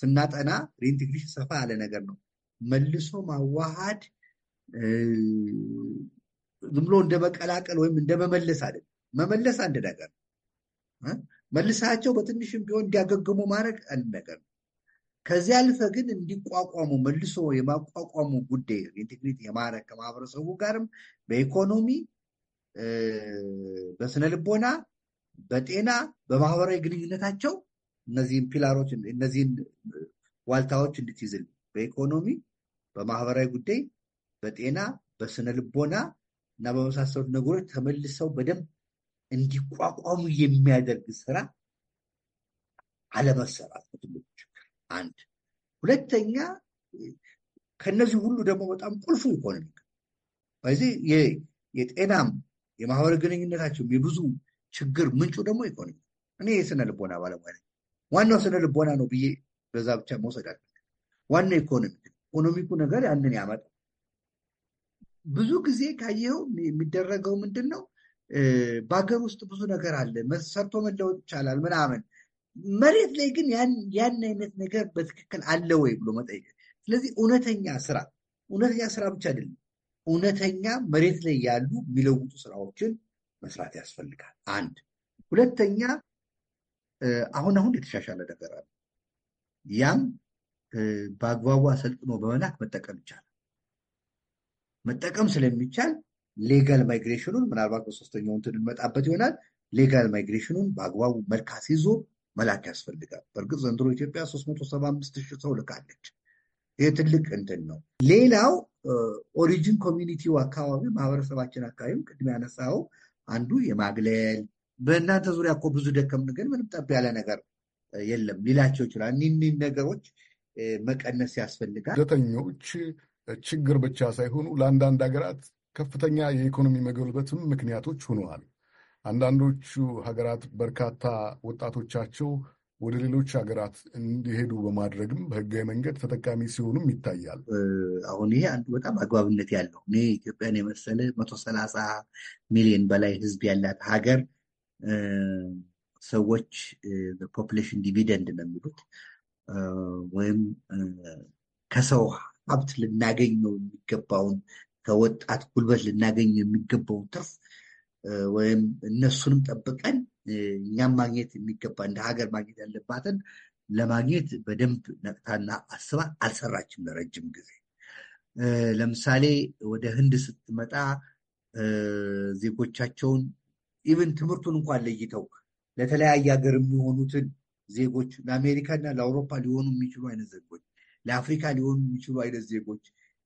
ስናጠና ሪኢንቴግሬሽን ሰፋ ያለ ነገር ነው። መልሶ ማዋሃድ ዝም ብሎ እንደ መቀላቀል ወይም እንደ መመለስ አይደለም። መመለስ አንድ ነገር ነው። መልሳቸው በትንሽም ቢሆን እንዲያገግሙ ማድረግ አንድ ነገር ነው። ከዚያ አልፈ ግን እንዲቋቋሙ መልሶ የማቋቋሙ ጉዳይ ኢንቴግሪቲ የማድረግ ከማህበረሰቡ ጋርም በኢኮኖሚ፣ በስነ ልቦና፣ በጤና፣ በማህበራዊ ግንኙነታቸው እነዚህን ፒላሮች እነዚህን ዋልታዎች እንድትይዝል በኢኮኖሚ፣ በማህበራዊ ጉዳይ፣ በጤና፣ በስነ ልቦና እና በመሳሰሉት ነገሮች ተመልሰው በደንብ እንዲቋቋሙ የሚያደርግ ስራ አለመሰራት ነው። አንድ ሁለተኛ ከነዚህ ሁሉ ደግሞ በጣም ቁልፉ ኢኮኖሚ በዚህ የጤናም የማህበረ ግንኙነታቸውም የብዙ ችግር ምንጩ ደግሞ ኢኮኖሚ እኔ የስነ ልቦና ባለሙያ ነኝ። ዋናው ስነ ልቦና ነው ብዬ በዛ ብቻ መውሰድ አለ ዋናው ኢኮኖሚ ኢኮኖሚኩ ነገር ያንን ያመጣ ብዙ ጊዜ ካየኸው የሚደረገው ምንድን ነው? በሀገር ውስጥ ብዙ ነገር አለ፣ ሰርቶ መለወጥ ይቻላል ምናምን መሬት ላይ ግን ያን አይነት ነገር በትክክል አለ ወይ ብሎ መጠየቅ። ስለዚህ እውነተኛ ስራ እውነተኛ ስራ ብቻ አይደለም፣ እውነተኛ መሬት ላይ ያሉ የሚለውጡ ስራዎችን መስራት ያስፈልጋል። አንድ ሁለተኛ፣ አሁን አሁን የተሻሻለ ነገር አለ። ያም በአግባቡ አሰልጥኖ በመላክ መጠቀም ይቻላል። መጠቀም ስለሚቻል ሌጋል ማይግሬሽኑን ምናልባት በሶስተኛው እንትን እንመጣበት ይሆናል። ሌጋል ማይግሬሽኑን በአግባቡ መልክ አስይዞ መላክ ያስፈልጋል። በእርግጥ ዘንድሮ ኢትዮጵያ 375 ሺህ ሰው ልካለች። ይህ ትልቅ እንትን ነው። ሌላው ኦሪጂን ኮሚኒቲው አካባቢ ማህበረሰባችን አካባቢም ቅድም ያነሳው አንዱ የማግለል በእናንተ ዙሪያ እኮ ብዙ ደከምን፣ ግን ምንም ጠብ ያለ ነገር የለም ሊላቸው ይችላል። እኒህ ነገሮች መቀነስ ያስፈልጋል። ስደተኞች ችግር ብቻ ሳይሆኑ ለአንዳንድ ሀገራት ከፍተኛ የኢኮኖሚ መገልበትም ምክንያቶች ሆነዋል። አንዳንዶቹ ሀገራት በርካታ ወጣቶቻቸው ወደ ሌሎች ሀገራት እንዲሄዱ በማድረግም በህጋዊ መንገድ ተጠቃሚ ሲሆኑም ይታያል። አሁን ይሄ አንዱ በጣም አግባብነት ያለው እኔ ኢትዮጵያን የመሰለ መቶ ሰላሳ ሚሊዮን በላይ ህዝብ ያላት ሀገር ሰዎች ፖፕሌሽን ዲቪደንድ ነው የሚሉት ወይም ከሰው ሀብት ልናገኘው የሚገባውን ከወጣት ጉልበት ልናገኘው የሚገባውን ትርፍ ወይም እነሱንም ጠብቀን እኛም ማግኘት የሚገባ እንደ ሀገር ማግኘት ያለባትን ለማግኘት በደንብ ነቅታና አስባ አልሰራችም ለረጅም ጊዜ። ለምሳሌ ወደ ህንድ ስትመጣ ዜጎቻቸውን ኢቨን ትምህርቱን እንኳን ለይተው ለተለያየ ሀገር የሚሆኑትን ዜጎች ለአሜሪካና ለአውሮፓ ሊሆኑ የሚችሉ አይነት ዜጎች ለአፍሪካ ሊሆኑ የሚችሉ አይነት ዜጎች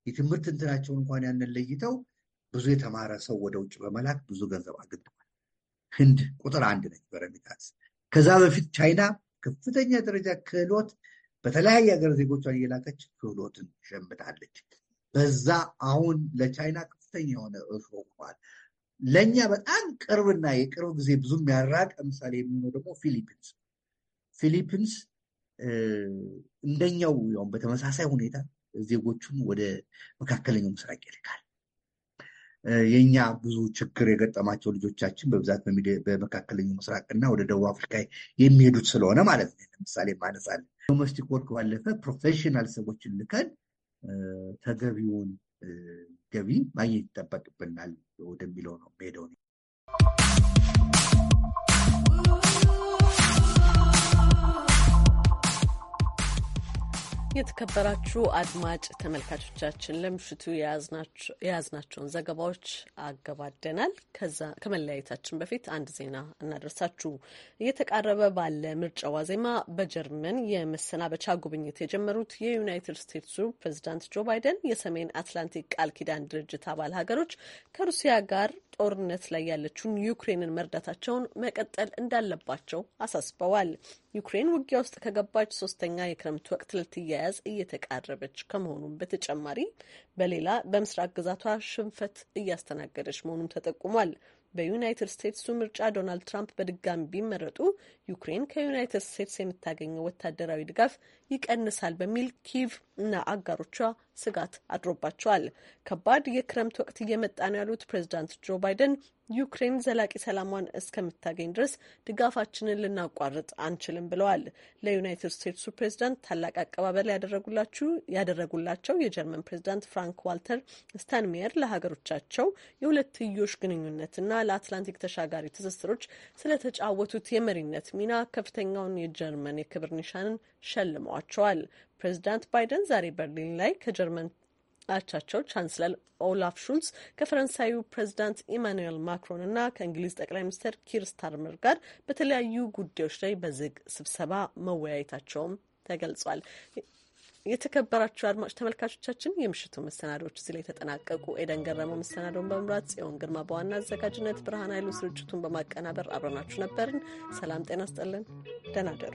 የትምህርት እንትናቸውን እንኳን ያንን ለይተው ብዙ የተማረ ሰው ወደ ውጭ በመላክ ብዙ ገንዘብ አግኝተዋል። ህንድ ቁጥር አንድ ነች በረሚታንስ። ከዛ በፊት ቻይና ከፍተኛ ደረጃ ክህሎት በተለያየ ሀገር ዜጎቿን እየላከች ክህሎትን ሸምታለች። በዛ አሁን ለቻይና ከፍተኛ የሆነ እርሾ ሆኗል። ለእኛ በጣም ቅርብና የቅርብ ጊዜ ብዙ ያራቅ ምሳሌ የሚሆነው ደግሞ ፊሊፒንስ ፊሊፒንስ እንደኛው ያውም በተመሳሳይ ሁኔታ ዜጎቹን ወደ መካከለኛው ምስራቅ ይልካል። የእኛ ብዙ ችግር የገጠማቸው ልጆቻችን በብዛት በመካከለኛው ምስራቅና ወደ ደቡብ አፍሪካ የሚሄዱት ስለሆነ ማለት ነው። ለምሳሌ ማነሳለን ዶሜስቲክ ወርክ ባለፈ ፕሮፌሽናል ሰዎችን ልከን ተገቢውን ገቢ ማግኘት ይጠበቅብናል ወደሚለው ነው ሄደው የተከበራችሁ አድማጭ ተመልካቾቻችን ለምሽቱ የያዝናቸውን ዘገባዎች አገባደናል። ከዛ ከመለያየታችን በፊት አንድ ዜና እናደርሳችሁ። እየተቃረበ ባለ ምርጫ ዋዜማ በጀርመን የመሰናበቻ ጉብኝት የጀመሩት የዩናይትድ ስቴትሱ ፕሬዚዳንት ጆ ባይደን የሰሜን አትላንቲክ ቃል ኪዳን ድርጅት አባል ሀገሮች ከሩሲያ ጋር ጦርነት ላይ ያለችውን ዩክሬንን መርዳታቸውን መቀጠል እንዳለባቸው አሳስበዋል። ዩክሬን ውጊያ ውስጥ ከገባች ሶስተኛ የክረምት ወቅት ልትያያዝ እየተቃረበች ከመሆኑም በተጨማሪ በሌላ በምስራቅ ግዛቷ ሽንፈት እያስተናገደች መሆኑም ተጠቁሟል። በዩናይትድ ስቴትሱ ምርጫ ዶናልድ ትራምፕ በድጋሚ ቢመረጡ ዩክሬን ከዩናይትድ ስቴትስ የምታገኘው ወታደራዊ ድጋፍ ይቀንሳል በሚል ኪቭ እና አጋሮቿ ስጋት አድሮባቸዋል። ከባድ የክረምት ወቅት እየመጣ ነው ያሉት ፕሬዚዳንት ጆ ባይደን ዩክሬን ዘላቂ ሰላሟን እስከምታገኝ ድረስ ድጋፋችንን ልናቋርጥ አንችልም ብለዋል። ለዩናይትድ ስቴትሱ ፕሬዚዳንት ታላቅ አቀባበል ያደረጉላቸው የጀርመን ፕሬዚዳንት ፍራንክ ዋልተር ስታንሜየር ለሀገሮቻቸው የሁለትዮሽ ግንኙነትና ለአትላንቲክ ተሻጋሪ ትስስሮች ስለተጫወቱት የመሪነት ሚና ከፍተኛውን የጀርመን የክብር ኒሻንን ሸልመዋቸዋል። ፕሬዚዳንት ባይደን ዛሬ በርሊን ላይ ከጀርመን አቻቸው ቻንስለር ኦላፍ ሹልስ ከፈረንሳዩ ፕሬዚዳንት ኢማኑኤል ማክሮን እና ከእንግሊዝ ጠቅላይ ሚኒስትር ኪር ስታርመር ጋር በተለያዩ ጉዳዮች ላይ በዝግ ስብሰባ መወያየታቸውም ተገልጿል። የተከበራችሁ አድማጭ ተመልካቾቻችን የምሽቱ መሰናዶዎች እዚህ ላይ ተጠናቀቁ። ኤደን ገረመው መሰናዶውን በመምራት ጽዮን ግርማ በዋና አዘጋጅነት፣ ብርሃን ኃይሉ ስርጭቱን በማቀናበር አብረናችሁ ነበርን። ሰላም ጤና ስጠልን። ደናደሩ